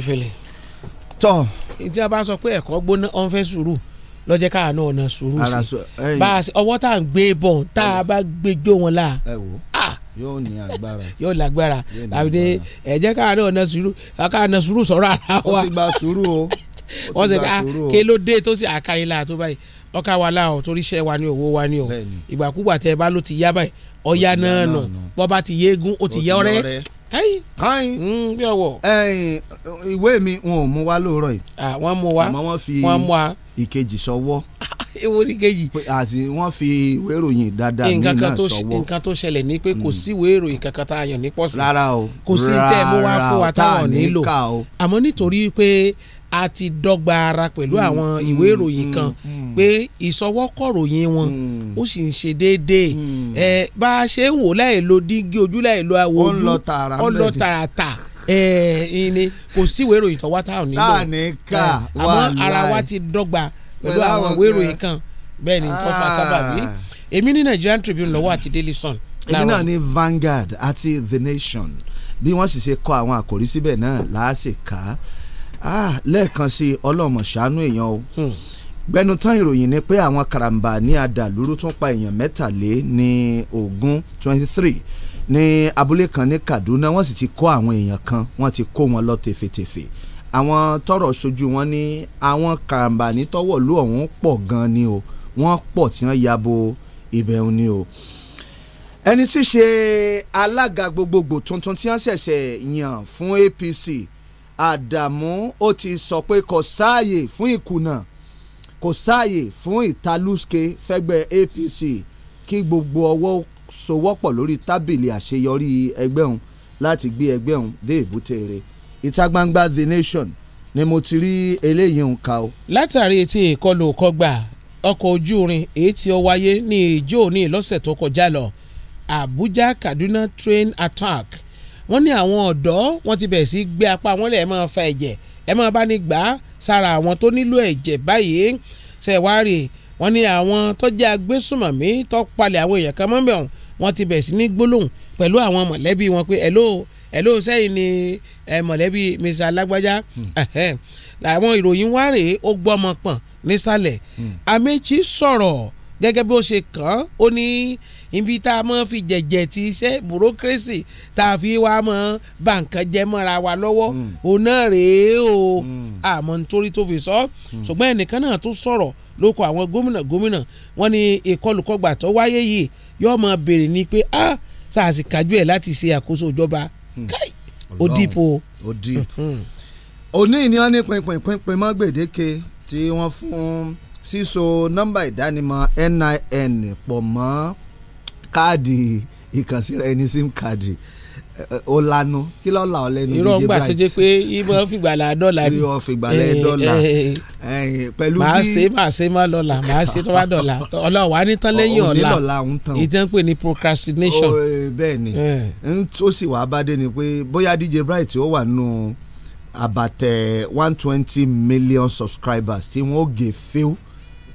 fẹlifẹli. tọ́ tí a bá sọ pé ẹ̀kọ́ gbóná ọ̀n fẹ́ sùúrù lọ́jẹ́ káà náà ọ̀nà sùúrù sí bá a ọwọ́ tá à ń gbé bọ̀ tá a bá gbé jó wọn la yóò ní agbára *laughs* yóò lágbára àbídé ẹ̀jẹ̀ káà náà ọ̀nà sùúrù káà náà sùúrù sọ̀rọ̀ ara wa. ó ti gba sùúrù o *laughs* ó ti gba ah, sùúrù o. kí ló dé tó sì àkàyè la tó báyìí ọkà wa la ọ̀ torí iṣẹ́ wa ni owó wa ni ọ̀ ìgbàkúgbà tẹ́ ẹ bá ló ti yá báyìí ọ̀ya náà nù bọ́ bá ti yéégún ó ti yẹ ọ̀rẹ́ Kai, káyìn mm, bí ọwọ. ìwé mi wọn ò mú wa lóòrọ̀ yìí. àwọn mú wa àmọ́ wọ́n fi ìkejì sọ́wọ́. *laughs* ewo ní kejì. àti wọ́n fi ìwé ìròyìn dáadáa ní náà sọ́wọ́. nǹkan tó ṣẹlẹ̀ ni pé kò hmm. sí ìwé ìròyìn kankan tá a yàn ní pọ́sì. rárá o rárá o tá a ní kà o. àmọ́ nítorí pé a ti dọ́gba ara pẹ̀lú mm, àwọn mm, ìwé ìròyìn kan mm, pé ìsọwọ́kọ̀ròyìn wọn ó sì ń ṣe déédéé ẹ bá a ṣe ń wò láì lo dígí ojú láì lo àwo ojú ó lọ tààràtà ẹ̀ẹ́n kò sí ìwé ìròyìn tó wá táwọn nílò àmọ́ ara wa ti dọ́gba pẹ̀lú àwọn ìwé ìròyìn kan bẹ́ẹ̀ ni tó fa ah. sábàbí èmi ní Nigerian Tribune lọ́wọ́ àti Daily Sun. èmi náà ní Vanguard àti The Nation bí wọ́n sì ṣe kọ àwọn àkòrí síbẹ̀ náà láàṣìká lẹ́ẹ̀kan sí ọlọ́mọ ṣàánú èèyàn o hmm. gbẹnutan ìròyìn ni pé àwọn karambà ní adàlúrú tún pa èèyàn mẹ́tàlé ní ogún twenty three ní abúlé kan ní Kaduna wọ́n sì ti kó àwọn èèyàn kan wọ́n ti kó wọn lọ tèfètèfè àwọn tọrọ ṣojú wọn ní àwọn karambà ní tọwọ́lú ọ̀hún pọ̀ gan ni o wọ́n pọ̀ tí wọ́n yabo ibẹ̀ òun ni o ẹni tí í ṣe alága gbogbogbò tuntun tí wọ́n ṣẹ̀ṣẹ̀ yàn fún APC Àdàmú ó ti sọ pé kò sáàyè fún ìkùnà kò sáàyè fún ìtalúṣe fẹ́gbẹ́ APC kí gbogbo ọwọ́ sowọ́pọ̀ lórí tábìlì àṣeyọrí ẹgbẹ́ òun láti gbé ẹgbẹ́ òun dé èbúté rẹ̀ ìta gbangba The Nation ni mo ti rí eléyìí ń ka o. látàrí etí ìkọlù kọgbà ọkọ̀ ojú irin èyí tí ó wáyé ní ìjó ní lọ́sẹ̀ tó kọjá lọ Abuja Kaduna train attack wọ́n ní àwọn ọ̀dọ́ wọ́n ti bẹ̀rẹ̀ sí gbé apá wọn lẹ̀ máa fa ẹ̀jẹ̀ ẹ máa bá ní gbà á sára àwọn tó nílò ẹ̀jẹ̀ báyìí ṣẹ̀wárì wọ́n ní àwọn tó jẹ́ agbésùmọ̀mí tó palẹ̀ àwọn èèyàn kan mọ́bẹ̀ ọ̀hún wọ́n ti bẹ̀rẹ̀ sí ní gbólóhùn pẹ̀lú àwọn mọ̀lẹ́bí wọn pé hello hello sẹ́yìn ni mọ̀lẹ́bí mr alágbájá hmm. àwọn ìròyìn wá rèé ó gbọ́mọ pọ̀n nísàlẹ̀ Amaechi hmm. sọ̀rọ̀ gẹ́gẹ́ bí ó ṣe kàn án ó ní ibi tá a mọ̀ fi jẹ̀jẹ̀ ti iṣẹ́ bureaucracy tá a fi wá mọ̀ bá nǹkan jẹ́ mọ́ra wa lọ́wọ́ hmm. òun náà rèé o àmọ́ hmm. nítorí tó fi sọ hmm. ṣùgbọ́n ẹnìkan náà tó sọ̀rọ̀ ló àwọn gómìnà gómìnà wọn ni ìkọlùkọgbà tó wáyé yìí yóò máa béèrè ni pé ah, a sàásì kájú ẹ̀ láti ṣe àkóso ìjọba káì ó dìpọ̀. ó dìpọ̀ *laughs* òní ni wọ́n ní pinpinpinpin mọ́ gbèdéke tí wọ́n fún sísọ nọ́mbà ìdánimọ̀ NIN pọ̀ mọ́ káàdì ìkànsíra ẹni sim káàdì ó lanu kí ló la ọ lẹ́nu dj bright irọ́ ngbà tó jẹ́ pé ibọ̀ fìgbàlà dọ́là ni ibọ̀ fìgbàlà dọ́là eh, eh, eh. pẹ̀lú bí màá ṣe màá ṣe má lọ́la màá ṣe tó bá dọ́là ọlọ́wà ní tán lẹ́yìn ọ̀la ìtàn pé ni procrastination. bẹ́ẹ̀ ni ó sì wàá bá dé ni pé bóyá dj bright ó wà nù àbàtẹ one twenty million subscribers tí wọ́n ó gé fíw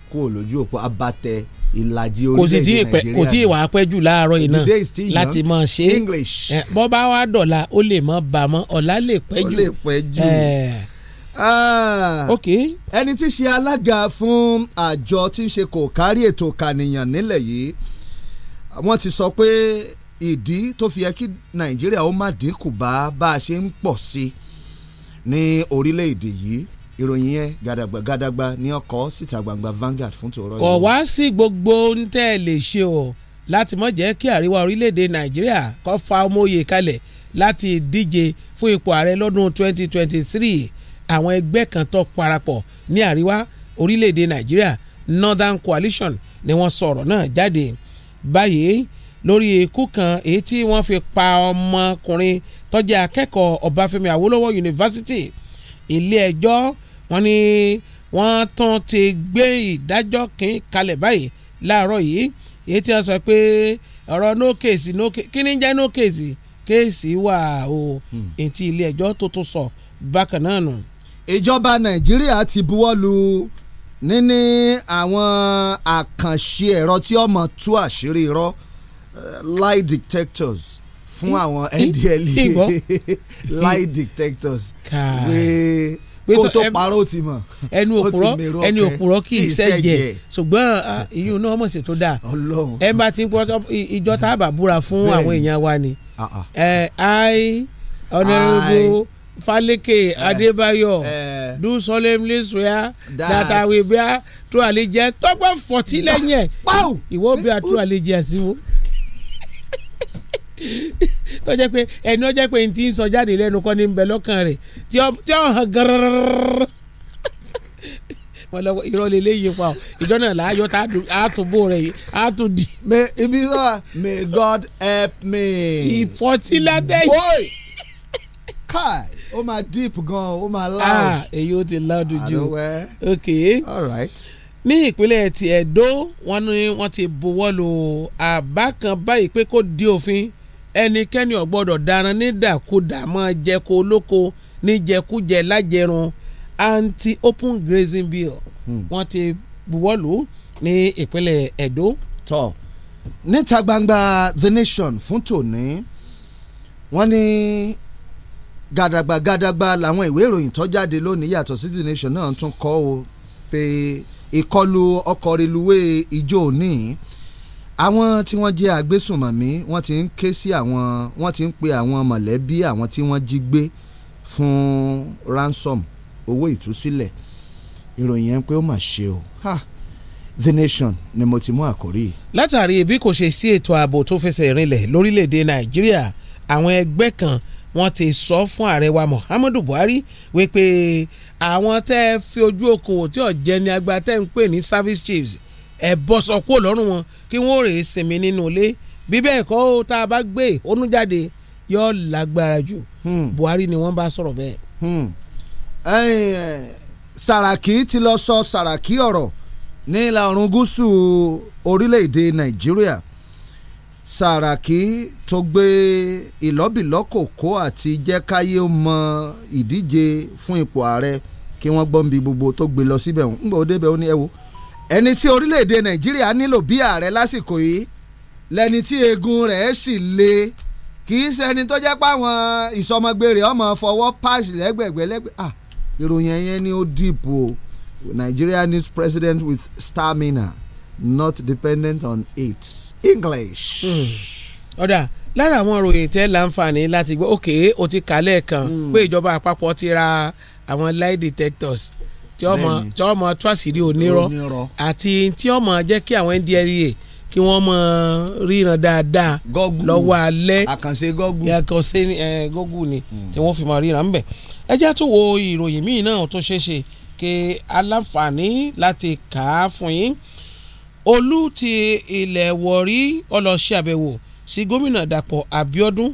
kúrò lójú òpó àbàtẹ ìlàjì orílẹ̀-èdè nàìjíríà kò tí ì wàá pẹ́ jù láàárọ̀ yìí láti máa ṣe english bọ́ bá wá dọ̀la ó lè mọ́ bà mọ́ ọ̀la lè pẹ́ jù. ó lè pẹ́ jù. Ah. ok. ẹni tí í ṣe alága fún àjọ tí ń ṣe kò kárí ètò kànìyàn nílẹ̀ yìí wọ́n ti sọ pé ìdí tó fi yẹ kí nàìjíríà ó má dínkù bá bá a ṣe ń pọ̀ sí ní orílẹ̀-èdè yìí ìròyìn yẹn gàdàgbà gàdàgbà ní ọkọ síta gbangba Vanguard fún tòrọ yìí. kọ̀ wá sí gbogbo ohun tẹ́ ẹ lè ṣe o láti mọ̀ jẹ́ kí àríwá orílẹ̀-èdè Nàìjíríà kó fa ọmọ kalẹ̀ láti díje fún ipò ààrẹ lọ́dún 2023 àwọn ẹgbẹ́ kan tó parapọ̀ ní àríwá orílẹ̀-èdè Nàìjíríà Northern Coalition ni wọ́n sọ̀rọ̀ náà jáde báyìí lórí ikú kan èyí tí wọ́n fi pa ọmọkùnrin tó jẹ́ akẹ́kọ̀ọ́ Ọbáfẹ́mi Awólọ́wọ̀ University ilé ẹjọ́ e wọ́n ní wọ́n tán ti gbé ìdájọ́ kín kalẹ̀ báyìí láàárọ̀ yìí èyí tí wọ́n sọ pé ọ̀rọ̀ no case no case kí ni jẹ́ no case kéèsì wà o hmm. èyí tí ilé ẹjọ́ tó tún sọ bákan náà nù. ìjọba nàìjíríà ti buwọ́ lu níní àwọn àkànṣe ẹ̀rọ tí ọmọ tú àṣírí irọ́ eh, lie detectors fún àwọn ndlea *laughs* lie detectors wẹ́ẹ́ kó tó parọ́ ó ti mọ̀ ẹnu òpùrọ́ ẹnu òpùrọ́ kì í sẹ́jẹ̀ ṣùgbọ́n ah, ìyún náà mọ̀ sí tó dáa ẹ bá ti ń pọ́ ìjọ tá a bá búra fún àwọn èèyàn wa ni ah, ah. i honourable Faleke eh, Adébáyọ̀ eh, do solemnly swear that I will bear true allegiance tọ́gbà fọ̀tí lẹ́yìn ẹ̀ ìwọ bear true allegiance sí *laughs* wo tó jẹ́ pé ẹni ó jẹ́ pé n ti ń sọ jáde lẹ́nu kọ́ ní bẹ̀ lọ́kàn rẹ̀ tí ó hàn gẹ́rẹ́rẹ́rẹ́ pẹ̀lú ìrọ̀lẹ́ léyìí pa ìjọ náà láàyò tá a tún bò rẹ̀ a tún di. mi may God help me. ìfọ̀tílátẹ̀ yìí. boy kai ó máa deep gan ó máa loud. èyí ó ti loud ju àlọ́wẹ́ ok all right. ní ìpínlẹ̀ ti Ẹ̀dó wọn ni wọ́n ti buwọ́ lu àbá kan báyìí pé kó di òfin ẹnikẹ́ni ò gbọ́dọ̀ daran ní dàkúdà máa jẹ́ kó lóko ní jẹkújẹ lájẹrun anti-open grazing bill hmm. wọ́n ti buwọ́lù ní ìpínlẹ̀ Edo. tọ́ níta gbangba The Nation fún tòní wọ́n ní gàdàgbà gàdàgbà làwọn ìwé ìròyìn tó jáde lónìí yàtọ̀ sí The Nation náà tún kọ o pé ìkọlù ọkọ̀ reluwé ìjọ òní àwọn tí wọ́n jẹ́ agbésùnmọ̀mí wọ́n ti ń ké sí àwọn wọ́n ti ń pe àwọn mọ̀lẹ́bí àwọn tí wọ́n jí gbé. Mm fún ransom owó ìtúsílẹ̀ ìròyìn yẹn pé ó mà ṣe o ha The Nation ni mo ti mú àkórí. látàrí bí kò ṣe sí ètò ààbò tó fẹsẹ̀ rinlẹ̀ lórílẹ̀‐èdè Nàìjíríà àwọn ẹgbẹ́ kan wọ́n ti sọ fún ààrẹ wa Muhammadu Buhari wípé àwọn tẹ́ fi ojú okòwò tí ọ̀jẹ̀ ni agba tẹ́ ń pè ní service chiefs ẹ̀ bọ́ sọ kúrò lọ́rùn wọn kí wọ́n rèé sinmi nínú ilé bí bẹ́ẹ̀ kọ́ bá gbé ìhónú yóò lágbára jù hmm. Buhari ni wọ́n bá sọ̀rọ̀ bẹ́ẹ̀. Hmm. Sàràkí ti lọ sọ Sàràkí ọ̀rọ̀ ní ìlà oòrùn gúúsù orílẹ̀-èdè Nàìjíríà Sàràkí tó gbé ìlọ́bìlọ́kòkó àti jẹ́káyé mọ ìdíje fún ipò ààrẹ kí wọ́n gbọ́n bí gbogbo tó gbé lọ síbẹ̀ ń gbọ́ débẹ̀ ó ní ẹ wo ẹni tí orílẹ̀-èdè Nàìjíríà nílò bí ààrẹ lásìkò yìí lẹni tí eegun rẹ̀ sì le kì í ṣẹni tó jẹ́ páwọn ìsọmọgbèrè ọmọ fọwọ́ páàsì lẹ́gbẹ̀gbẹ́ ah ìròyìn yẹn ni ó dìbò Nigeria needs president with stamina not dependent on it English. Hmm. ọ̀dà lára àwọn ìròyìn tẹ́ láǹfààní láti gbọ́ òkè ó ti kà lẹ́ẹ̀kan hmm. pé ìjọba àpapọ̀ ti ra àwọn lie detectors tí ọmọ tí ọmọ tó àṣírí onírọ́ àti tí ọmọ jẹ́ kí àwọn NDLEA kí wọ́n mọ ríran dáadáa lọ́wọ́ alẹ́ àkànṣe gọ́gù àkànṣe gọ́gù ni hmm. tí wọ́n fi máa ríran ńbẹ̀ ẹ jẹ́ tó wo ìròyìn míì náà tó ṣeé ṣe kí aláǹfààní láti kà á fún yín olú ti ilẹ̀ wọ̀rí ó lọ ṣe àbẹ̀wò sí gómìnà dàpọ̀ abiodun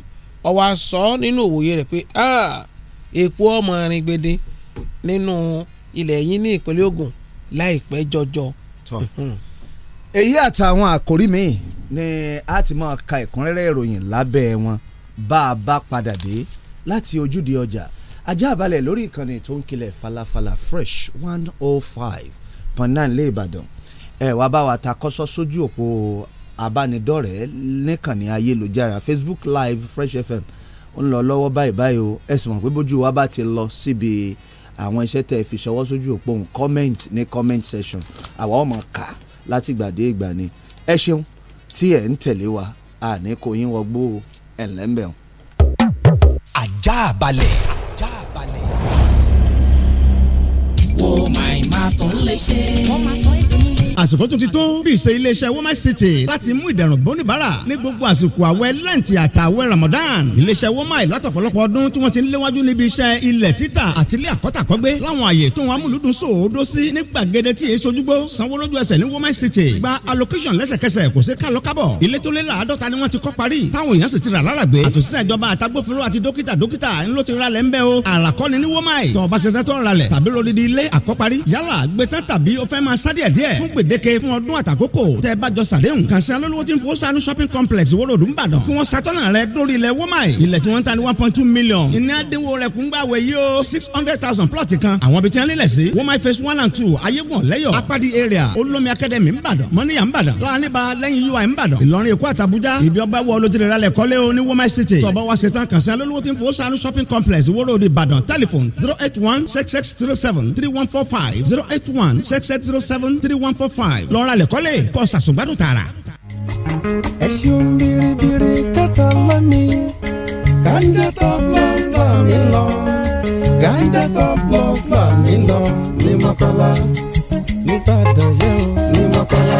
ó wá sọ nínú òwòye rẹ̀ pé èpo ọmọ rin gbede nínú ilẹ̀ yín ní ìpínlẹ̀ Ògùn láìpẹ́ jọjọ èyí àtàwọn àkòrí míì ni a ti máa ka ẹ̀kúnrẹ́rẹ́ ìròyìn lábẹ́ wọn bá a bá padà dé láti ojúde ọjà ajá balẹ̀ lórí ìkànnì tó ń kilẹ̀ falafala fresh one oh five point nine lé ìbàdàn ẹ wàá bá wa ta kọ́sọ́ sójú òpó abánidọ́rẹ̀ẹ́ níkànnì ayélujára facebook live fresh fm ń lọ lọ́wọ́ báyìí báyìí o ẹ sì mọ̀ pé bójú wa bá ti lọ síbi àwọn iṣẹ́ tẹ̀ fi ṣọwọ́ sójú òpó comment ní comment section àwa ọmọ kà láti ìgbà dé ìgbà ni ẹ ṣeun tí ẹ ń tẹ̀lé wa àní kò yín wọgbó ẹ̀ lẹ́m̀bẹ̀rún. ajá balẹ̀. ajá balẹ̀. wo màì máa tún lè ṣe. wọ́n máa sọ èdè àsìkò tún ti tó bí ìṣe iléeṣẹ́ womack city láti mú ìdẹ̀rùn gbóni bára ní gbogbo àsìkò àwẹ̀ lẹ́ǹtì àtàwẹ̀ ramadan iléeṣẹ́ womack látọ̀pọ̀lọpọ̀ ọdún tí wọ́n ti ń léwájú níbi iṣẹ́ ilẹ̀ títà àti ilé àkọ́tàkọ́gbé láwọn àyè tó wọn amúlùdùn sòódó sí ní gbàgede tí èso júgbó sanwó lójú ẹsẹ̀ ní womack city gba allocation lẹ́sẹ̀kẹsẹ̀ kò sí kálọ kábọ̀ ilé tó lé láàdọ́ta ni wọ́n ti kọ́ parí táwọn èèyàn sì ti rà lálàgbé àtòsíṣẹ́ ìjọba àtagbófinró àti dókítà dókítà ńlọ ti ralẹ̀ ńbẹ́ o àràkọ́ni ní womack tọ́ ọba ṣe tẹ́tọ́ ralẹ̀ tàbí rodidi ilé àkọ́parí yálà gbẹtẹ́ peléke fún ọdún àtàkókò tẹ́ bá jọ sàdéhùn kàn sí alólùwọ́ tí ń fowó sanu shopping complex wóróòdù ńbàdàn kí wọ́n ṣàtọ́nà rẹ lórí ilẹ̀ wọ́màì ilẹ̀ tí wọ́n ń ta ní one point two million ìní àdéhùn rẹ̀ kún gbàwé yìí ó six hundred thousand plot kan àwọn ibi tí wọ́n lélẹ̀ sí wọ́màì phase one and two ayégun lẹ́yọ̀ apadi area olómi academy ńbàdàn mọ́níyà ńbàdàn láàánibà lẹ́yìn ui ńbàdàn ìlọrin èkó àtàbújá ibi ọgbà wọ olójúlẹ̀ rálẹ̀ kọ́lé o ní wọ́màì city tọ́ba wa ṣetán kàn sí alólùwọ́ tí ń fowó sanu shopping complex wóróòdù ìbàdàn telephone zero eight one six six zero seven three one four five zero eight one six six zero seven three one four five five lọ́ra lẹ́kọ́lẹ̀ kọ́ sàṣùgbádùn tààrà. ẹ ṣeun biribiri kẹta lami ganja top loss là mí lọ ganja top loss là mí lọ ní mọ́kànlá nìbàdàn yẹn ní mọ́kànlá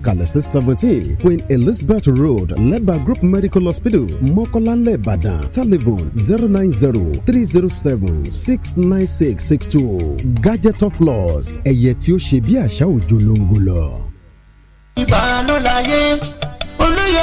ìkàlẹ̀ sí seventeen Queen Elizabeth Road Leba Group Medical Hospital Mọ́kànlá Ìbàdàn telephone zero nine zero three zero seven six nine six six two Gadget Plus ẹ̀yẹ tí ó ṣe bí àṣà òjò ló ń gò lọ. ìbànú láyé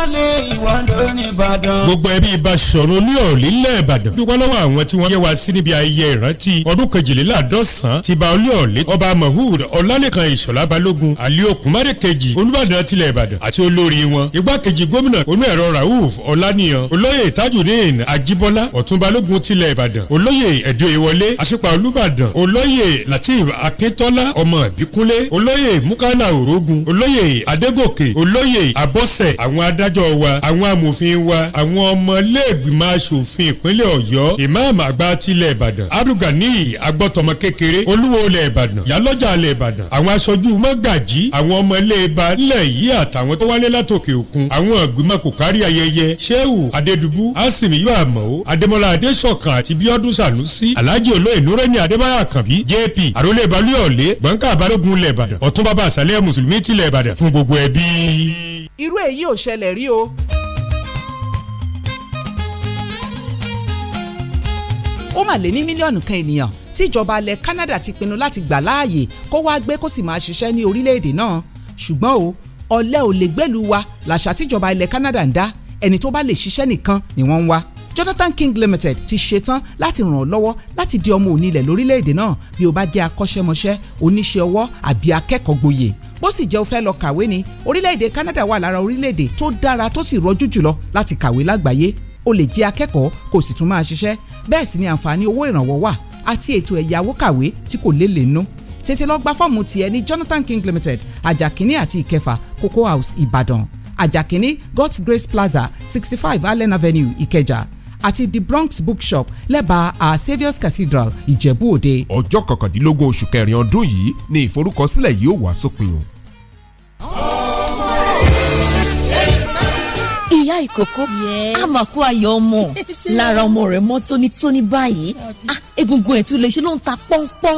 ní ìwà ló ní ìbàdàn. gbogbo ẹbí Ìbáṣọ̀run ní òlílẹ̀ ìbàdàn. dúpẹ́ lọ́wọ́ àwọn tí wọ́n yẹ wá sí níbi ayẹyẹ ìrántí ọdún kejìléláàdọ́sàn ti ba olú ọ̀lẹ́ ọba mahud ọlálékan ìṣọ̀lá balógun àlí òkúnmádé kejì olúbàdàn tilẹ̀ ìbàdàn àti olórí wọn. igbákejì gómìnà onú ẹ̀rọ rauf ọláníyàn olóyè tajudeen ajíbọ́lá ọ̀tún balógun tilẹ̀ ìbàdàn olóyè ẹ̀dọ́ ìwọlé àṣípa olúbàdàn olóyè latif akíntọ́lá ọmọ ìbíkúnlé olóyè mukala orogun olóyè adégòkè olóyè abọ́sẹ̀ àwọn adáj adájọ́ wa àwọn amòfin wa àwọn ọmọléègbìmọ̀ asòfin ìpínlẹ̀ ọ̀yọ́ ìmáàmù àgbà tilẹ̀ ìbàdàn abdulganiyi agbọ́tọmọ kékeré olúwo ilẹ̀ ìbàdàn yálọ́jà ilẹ̀ ìbàdàn àwọn aṣojú mọ́gàjì àwọn ọmọléèba ńlẹ̀ yìí àtàwọn tó wálé látòkè òkun àwọn ìgbìmọ̀ kò kárí ayẹyẹ sehu adedubu asimiyu amao adémọ́lá adéṣọ̀kan àti bíọ́dún sanusi alhaji olóyè nureni adébáyà kànbí jp àrólé balùwẹ̀ ọ̀lẹ́ gbọ̀ǹkà balógun ilẹ̀ ìbàdàn ọ̀tún bàbá àṣàlẹ̀ mùsùlùmí tilẹ̀ irú èyí ò ṣẹlẹ̀ rí o. ó mà lé ní mílíọ̀nù kan ènìyàn tí ìjọba ilẹ̀ Canada ti pinnu láti gbà láàyè kó wá gbé kó sì máa ṣiṣẹ́ ní orílẹ̀-èdè náà ṣùgbọ́n o ọ̀lẹ ò lè gbẹ́lu wa làṣà tíjọba ilẹ̀ Canada ń dá ẹni tó bá lè ṣiṣẹ́ nìkan ni wọ́n ń wá Jonathan King Limited ti ṣetán láti ràn ọ́ lọ́wọ́ láti di ọmọ onílẹ̀ lórílẹ̀‐èdè náà bí o bá jẹ́ akọ́ṣẹ́mọṣẹ́ oníṣẹ́ ọwọ́ àbí akẹ́kọ̀ọ́ gboyè bó sì jẹ́ o fẹ́ lọ kàwé ni orílẹ̀-èdè Canada wà lára orílẹ̀-èdè tó dára tó sì rọjú jùlọ láti kàwé lágbàáyé o lè jẹ́ akẹ́kọ̀ọ́ kò sì tún máa ṣiṣẹ́ bẹ́ẹ̀ sì ni àǹfààní owó ìrànwọ́ wà àti ètò ẹ̀yáwó kàwé tí kò lélẹ̀ nú tètè lọ gba fọ́ọ̀mù tiẹ̀ ní Jonathan King Limited ajakini àti ìkẹfà Cocoa House Ìbàdàn ajakini God's Grace Plaza sixty five Allen Avenue Ìkẹjà àti the Bronx bookshop lẹ́bàá our saviour's cathedral ìjẹ̀bú òde. ọjọ́ kọkàndínlógún oṣù kẹrin ọdún yìí ni ìforúkọsílẹ̀ yìí ó wà sópin o. ìyá ìkókó àmàkù ayọ̀ ọmọ *laughs* lára ọmọ rẹ̀ mọ́ tónítóní báyìí ah, egungun ẹ̀ lè ṣe ló ń ta pọ́npọ́n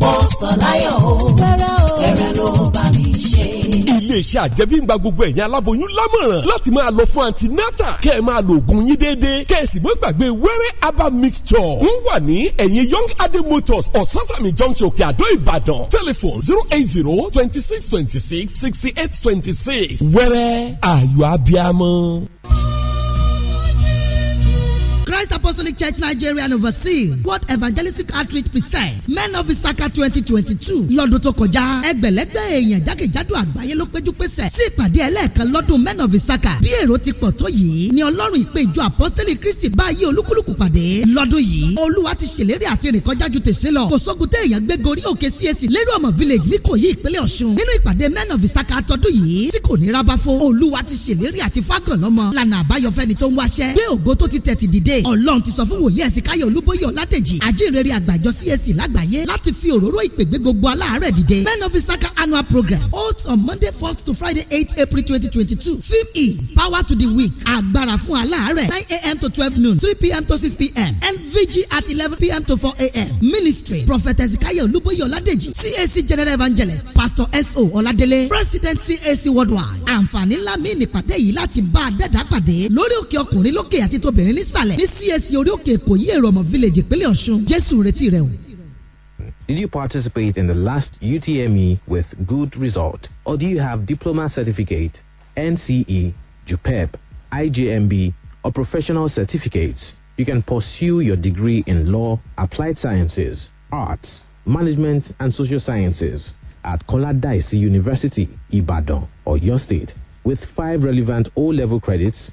mo sọ láyọ̀ o rẹ̀rẹ̀ ló bá mi ṣe iléeṣẹ́ àjẹmíngba gbogbo ẹ̀yin aláboyún lámọ̀ràn láti máa lọ fún antinata kẹ́ ẹ̀ máa lo oògùn yín déédéé kẹ́ ẹ̀ sì mọ́ gbàgbé wẹ́rẹ́ herbal mixture wọ́n wà ní ẹ̀yìn young adé motors ososani junction òkè àdó ìbàdàn telephone zero eight zero twenty six twenty six sixty eight twenty six wẹ́rẹ́ ayọ̀ abiamọ. Christ Apostolic Church Nigeria and overseas World Evangelistic Outreach Present Men of Isaka 2022 twenty two lọ́dún tó kọjá ẹgbẹ̀lẹ́gbẹ̀ èèyàn jákèjádò àgbáyé ló péjú pésẹ̀ sí ìpàdé ẹlẹ́ẹ̀kan lọ́dún Men of Isaka bí èrò ti pọ̀ tó yìí ni Ọlọ́run ìpè ìjọ Apostolic Christi báyé olúkúlùkù pàdé lọ́dún yìí Olúwa ti ṣèlérí àti rìn kọjá ju tèṣe lọ kò sógun tẹ èèyàn gbé gorí òkè CAC lérò ọmọ village ní Ìkòyí ìpínlẹ̀ Ọ̀ṣun nínú ìpàdé Men of Isaka tọdún yìí tí kò ní rábáfó Olúwa ti ṣèlérí àti fagàn lọ́mọ lànà àbáyọ fẹ́ni tó ń wáṣẹ́ gbé ògo tó ti tẹ̀ ti dìde ọlọ́run ti sọ fún wòlíì ẹ̀sìnkáyọ̀ olúbóyè ọ̀ládèjì àjíǹrere àgbàjọ CAC lágbàáyé láti fi òróró ìpègbè gbogbo aláàárẹ̀ dìde men of isaka annual program holds on monday fourth to friday eight april twenty twenty two theme is power to the weak agbára fún aláàárẹ̀ nine a.m. to twelve noon three p.m. to six p.m. and V.G. at eleven p.m. to four a.m. ministry prophet ẹ̀sìnkáyọ̀ olúbóyè ọ̀ládèjì CAC general evangelist pastor S.O. ọ̀ládélé president CAC worldwide àǹfààní ńlá mi nípàdé yìí láti bá a dẹ́dàá pàdé lórí òkè ọkùnrin lókè àti tóbìnrin nísàlẹ̀ orí òkè èkó yí èrò ọmọ village ìpínlẹ̀ ọ̀ṣun jésù retí rẹ o. Did you participate in the last UTME with good result? Or do you have diploma certificate, NCE, JUPEP, IJMB, or professional certificates? You can pursue your degree in law, applied sciences, arts, management, and social sciences at Koladaisi University, Ibadan, or your state, with five relevant O level credits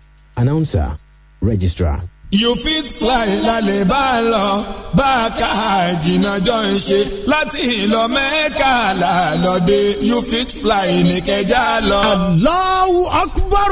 announcer, registrar. you fit fly lálẹ́ bá a lọ bá a ká jìnnà jọ ń ṣe láti ìlọ mẹ́ka làlọ́dẹ you fit fly ní kẹjá lọ. Allahu Akbar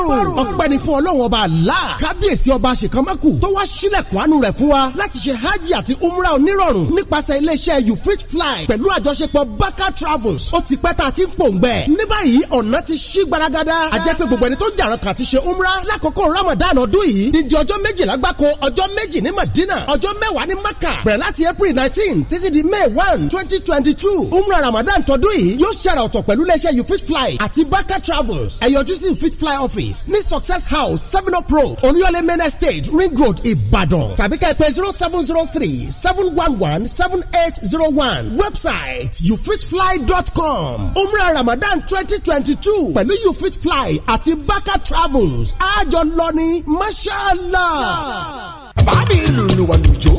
ọpẹ́ ni fún ọlọ́run ọba Allah kábíyèsí ọba àṣekánmọ́kù tó wá sílẹ̀kùn àánú rẹ̀ fún wa láti ṣe hajj àti umrah onírọ̀rùn nípasẹ̀ iléeṣẹ́ you fit fly pẹ̀lú àjọṣepọ̀ baka travels ó ti pẹ́ tá a ti ń pòǹgbẹ́ ní báyìí ọ̀nà ti ṣí gbaragada àjẹpẹ́ gbogbo ẹni tó jàrọ̀ kà ti ṣe umrah lákòókò Ramadan ọdún yìí ní di ọjọ́ méjìlá gbáko gbogbo ọjọ́ méjì ní Madina ọjọ́ mẹ́wàá ní Maka bẹ̀rẹ̀ láti April nineteen títí di May one twenty twenty two umrah Ramadan tọdún yìí yóò ṣàrà ọ̀tọ̀ pẹ̀lú iléeṣẹ́ you fit fly àti Baka travels ẹ̀yọjú sí you fit fly office ní Success House seven up road Oníyọ̀lé main estate ring road Ìbàdàn tàbí ká ẹ pè zero seven zero three seven one one seven eight zero one website youfitfly.com umrah Ramadan twenty twenty two pẹ̀lú you fit fly àti Baka travels àjọ lọ ní mashallah bàbá mi lùlù wà lùjọ.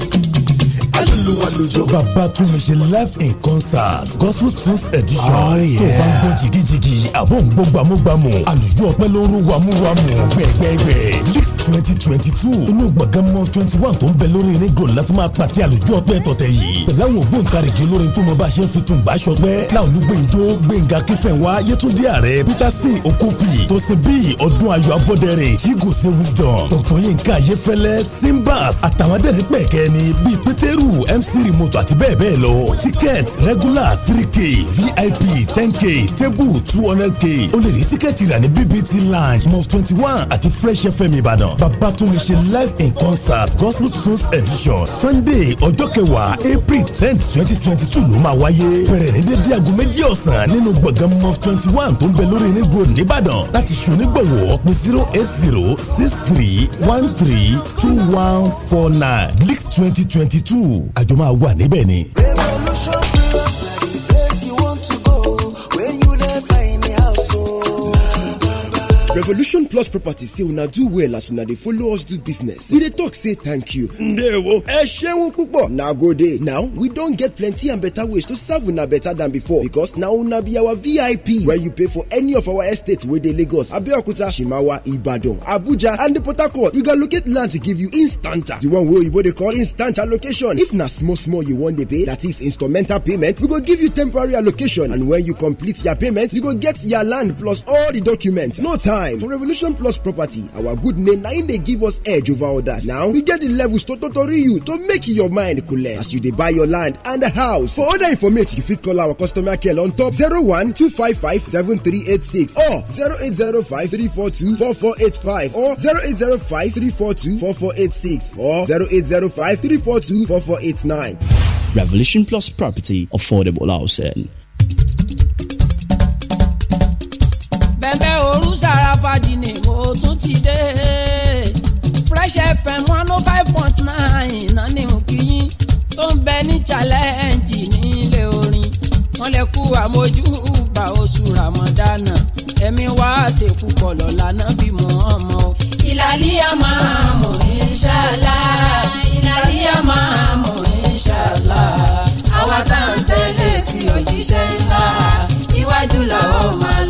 Bàbá Túnmí ṣe live in concert gospel truth edition oh, tó bá ń gbọ́ jìgìjìgì àbọ̀ ń gbọ́ gbàmúgbàmù àlùjọ ọpẹ́ ló ń rú wàmúwàmù gbẹ̀gbẹ̀gbẹ̀ twenty twenty two inú gbọ̀ngàn mọ́ twenty one tó ń bẹ lórí ní gòlù láti máa pàtẹ àlòjù ọpẹ́ tọ̀tẹ̀ yìí pẹ̀lú àwọn ògbóǹtarìgì olórin tó mọ bá a ṣe ń fi tùǹgbà ṣọgbẹ́ láòlú gbẹ̀ǹdó gbẹ̀ǹgà kífẹ̀wá yẹtúndí ààrẹ peter c okopi tosin b ọdún ayọ̀ abọ́dẹ̀rẹ̀ chigo se wisdom dr yinka ayefẹlẹ simbas àtàwọn adẹ́rìn pẹ̀kẹ́ ni bíi pétérù mc remote àti bẹ́ẹ̀ bẹ́ẹ̀ lọ ticket regular three k vip ten k table two hundred k o lè rí tíkẹ́ẹ̀tì rà ní bbt lounge mọ́f twenty one àti fresh fm ìbàdàn edition babatunmise live in concert gospel tunes edition sunday ọjọ́ kẹwàá april tenth twenty twenty two ló máa wáyé bẹ̀rẹ̀ ní dédé aago méjì ọ̀sán nínú gbọ̀ngàn mof twenty one tó ń bẹ lórí ní road nìbàdàn láti ṣonígbọ̀wọ́ pé zero eight zero six three one three two one four nine bleak twenty twenty two àjọ máa wà níbẹ̀ ni. revolution Evolution plus property say una do well as una dey follow us do business we dey talk say thank you ndewo ẹ ṣeun púpọ̀ na go dey now we don get plenty and better ways to serve una better than before because na una be our vip where you pay for any of our estates wey dey lagos abeokuta shimawa ibadan abuja and the port harcourt we go locate land to give you instanta the one wey oyibo dey call instanta location. if na small small you wan dey pay that is instrumental payment we go give you temporary allocation and when you complete your payment you go get your land plus all the documents no time. For Revolution Plus property, our good name na they dey give us edge over others. Now we get the levels to totori you to make your mind coolest as you dey buy your land and house. For other information, you fit call our customer care on top zero one two five five seven three eight six or 0805 342 or 0805 342 4486 or 0805 342 4489. Revolution Plus property affordable housing. ṣàràfàjì ni mo tún ti dé. Fresh FM one oh five point nine iná ní òkìyín tó ń bẹ ní challenge nílé orin. Wọ́n lè kú àmójú bá oṣù Ramadana. Ẹ̀mí wá ṣèkú pọ̀ lọ́la náà bí mo hàn mọ́. Ìlàlíyà máa mọ̀ inṣàlá. Ìlàlíyà máa mọ̀ inṣàlá. Àwa tá à ń tẹ́lẹ̀ tí òjíṣẹ́ ńlá. Iwájú làwọn máa lọ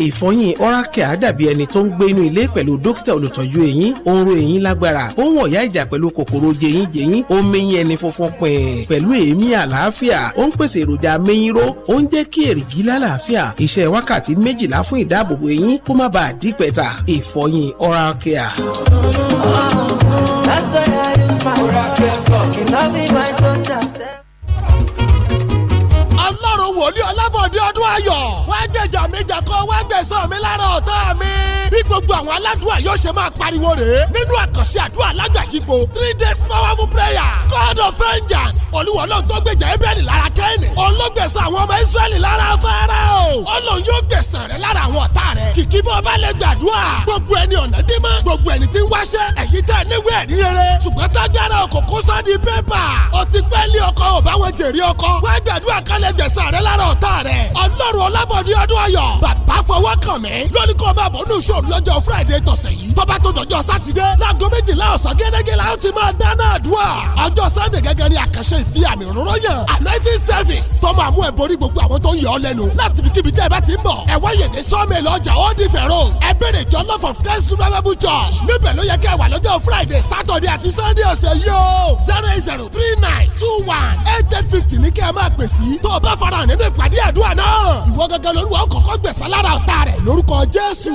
ìfọyín oral care ẹni tó ń gbé inú ilé pẹ̀lú dókítà olùtọ́jú eyín ó eyín lágbára ó ń ìjà pẹ̀lú kòkòrò jẹyín jẹyín ó mẹyín ẹni funfun pin pẹ̀lú èémí àlàáfíà ó ń pèsè èròjà mẹyìnró ó ń jẹ́ kí èrìgì lálàáfíà iṣẹ́ wákàtí méjìlá fún ìdáàbòbò eyín kó má bàa dípẹ̀tà ìfọyín oral care. That's why I use my oral care block. It not be my mi jà kó wá gbẹ̀san mi lára gbogbo àwọn aládùúrà yóò ṣe máa pariwo rèé nínú àkànṣe àdúrà alágbàyípo three days powerful prayer god of vengeance olúwa ọlọ́run tó gbèjà ẹ́bẹ̀rẹ̀ lára kẹ́hìnì ọlọ́gbẹ̀sán àwọn ọmọ israẹli lára fáráò ọlọ́run yóò gbẹ̀sán rẹ lára àwọn ọ̀tá rẹ kìkì bọ́ bá lè gbàdúrà gbogbo ẹni ọ̀nà dímọ́ gbogbo ẹni tí ń wáṣẹ́ èyí tẹ̀ níwé ẹ̀rí rere ṣùgbọ́n tágbára ọkọ̀ kó sọ di pépà ó ti pẹ́ lé ọkọ̀ ò bá wọn jèrè ọkọ̀ wá gbàdúrà kálẹ̀ gbẹ̀sán rẹ lára ọ̀tá rẹ ọlọ́run ọlábọ̀dé ọdún ọyọ̀ bàbá fọwọ́ kàn mí lórí kó o máa bọ̀ lọ́jọ́ friday tọ̀sẹ̀ yìí tó bá tó dọ̀jọ́ sátidé láago méjìlá ọ̀sán gẹ́gẹ́ la ó ti máa dáná àdúrà ọjọ́ sunday gẹ́gẹ́ ni àkànṣe ìfi àmì òróró yàn anointing service tó máa mú ẹ borí gbogbo àwọn tó ń yọ ọ lẹ́nu láti fi kíbi tẹ́ ẹ bá ti ń bọ̀ ẹ wáyè ní sọ́ọ̀mì lọ́jà ó di fẹ̀rọ ẹ bèrè jọ love of christ bible church níbẹ̀ ló yẹ kẹ́ ẹ wà lọ́jọ́ friday saturday sunday ọ̀sẹ̀ yìí o zero eight zero three nine two one eight eight fifty ní kẹ́ ẹ máa pè sí tó o bá fara hàn nínú ìpàdé àdúrà náà ìwọ gẹ́gẹ́ lórúkọ kọ̀ọ̀kan gbẹ̀sán lára ọ̀tá rẹ̀ lórúkọ jésù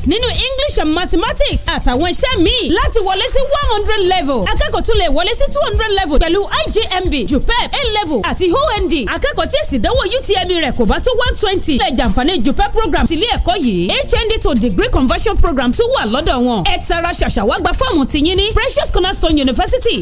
credit nínú English and mathematics àtàwọn iṣẹ́ míì láti wọlé sí one hundred level akẹ́kọ̀ọ́ tún lè wọlé sí two hundred level pẹ̀lú IJMB JUPEP A level àti OND akẹ́kọ̀ọ́ tí èsì UTM UTME rẹ̀ kò bá tó one twenty lè jàǹfààní JUPEP program tìlé ẹ̀kọ́ yìí HND to degree conversion program tún wà lọ́dọ̀ wọn ẹ tara ṣàṣà wá fọ́ọ̀mù tìyín ní Precious Cornerstone University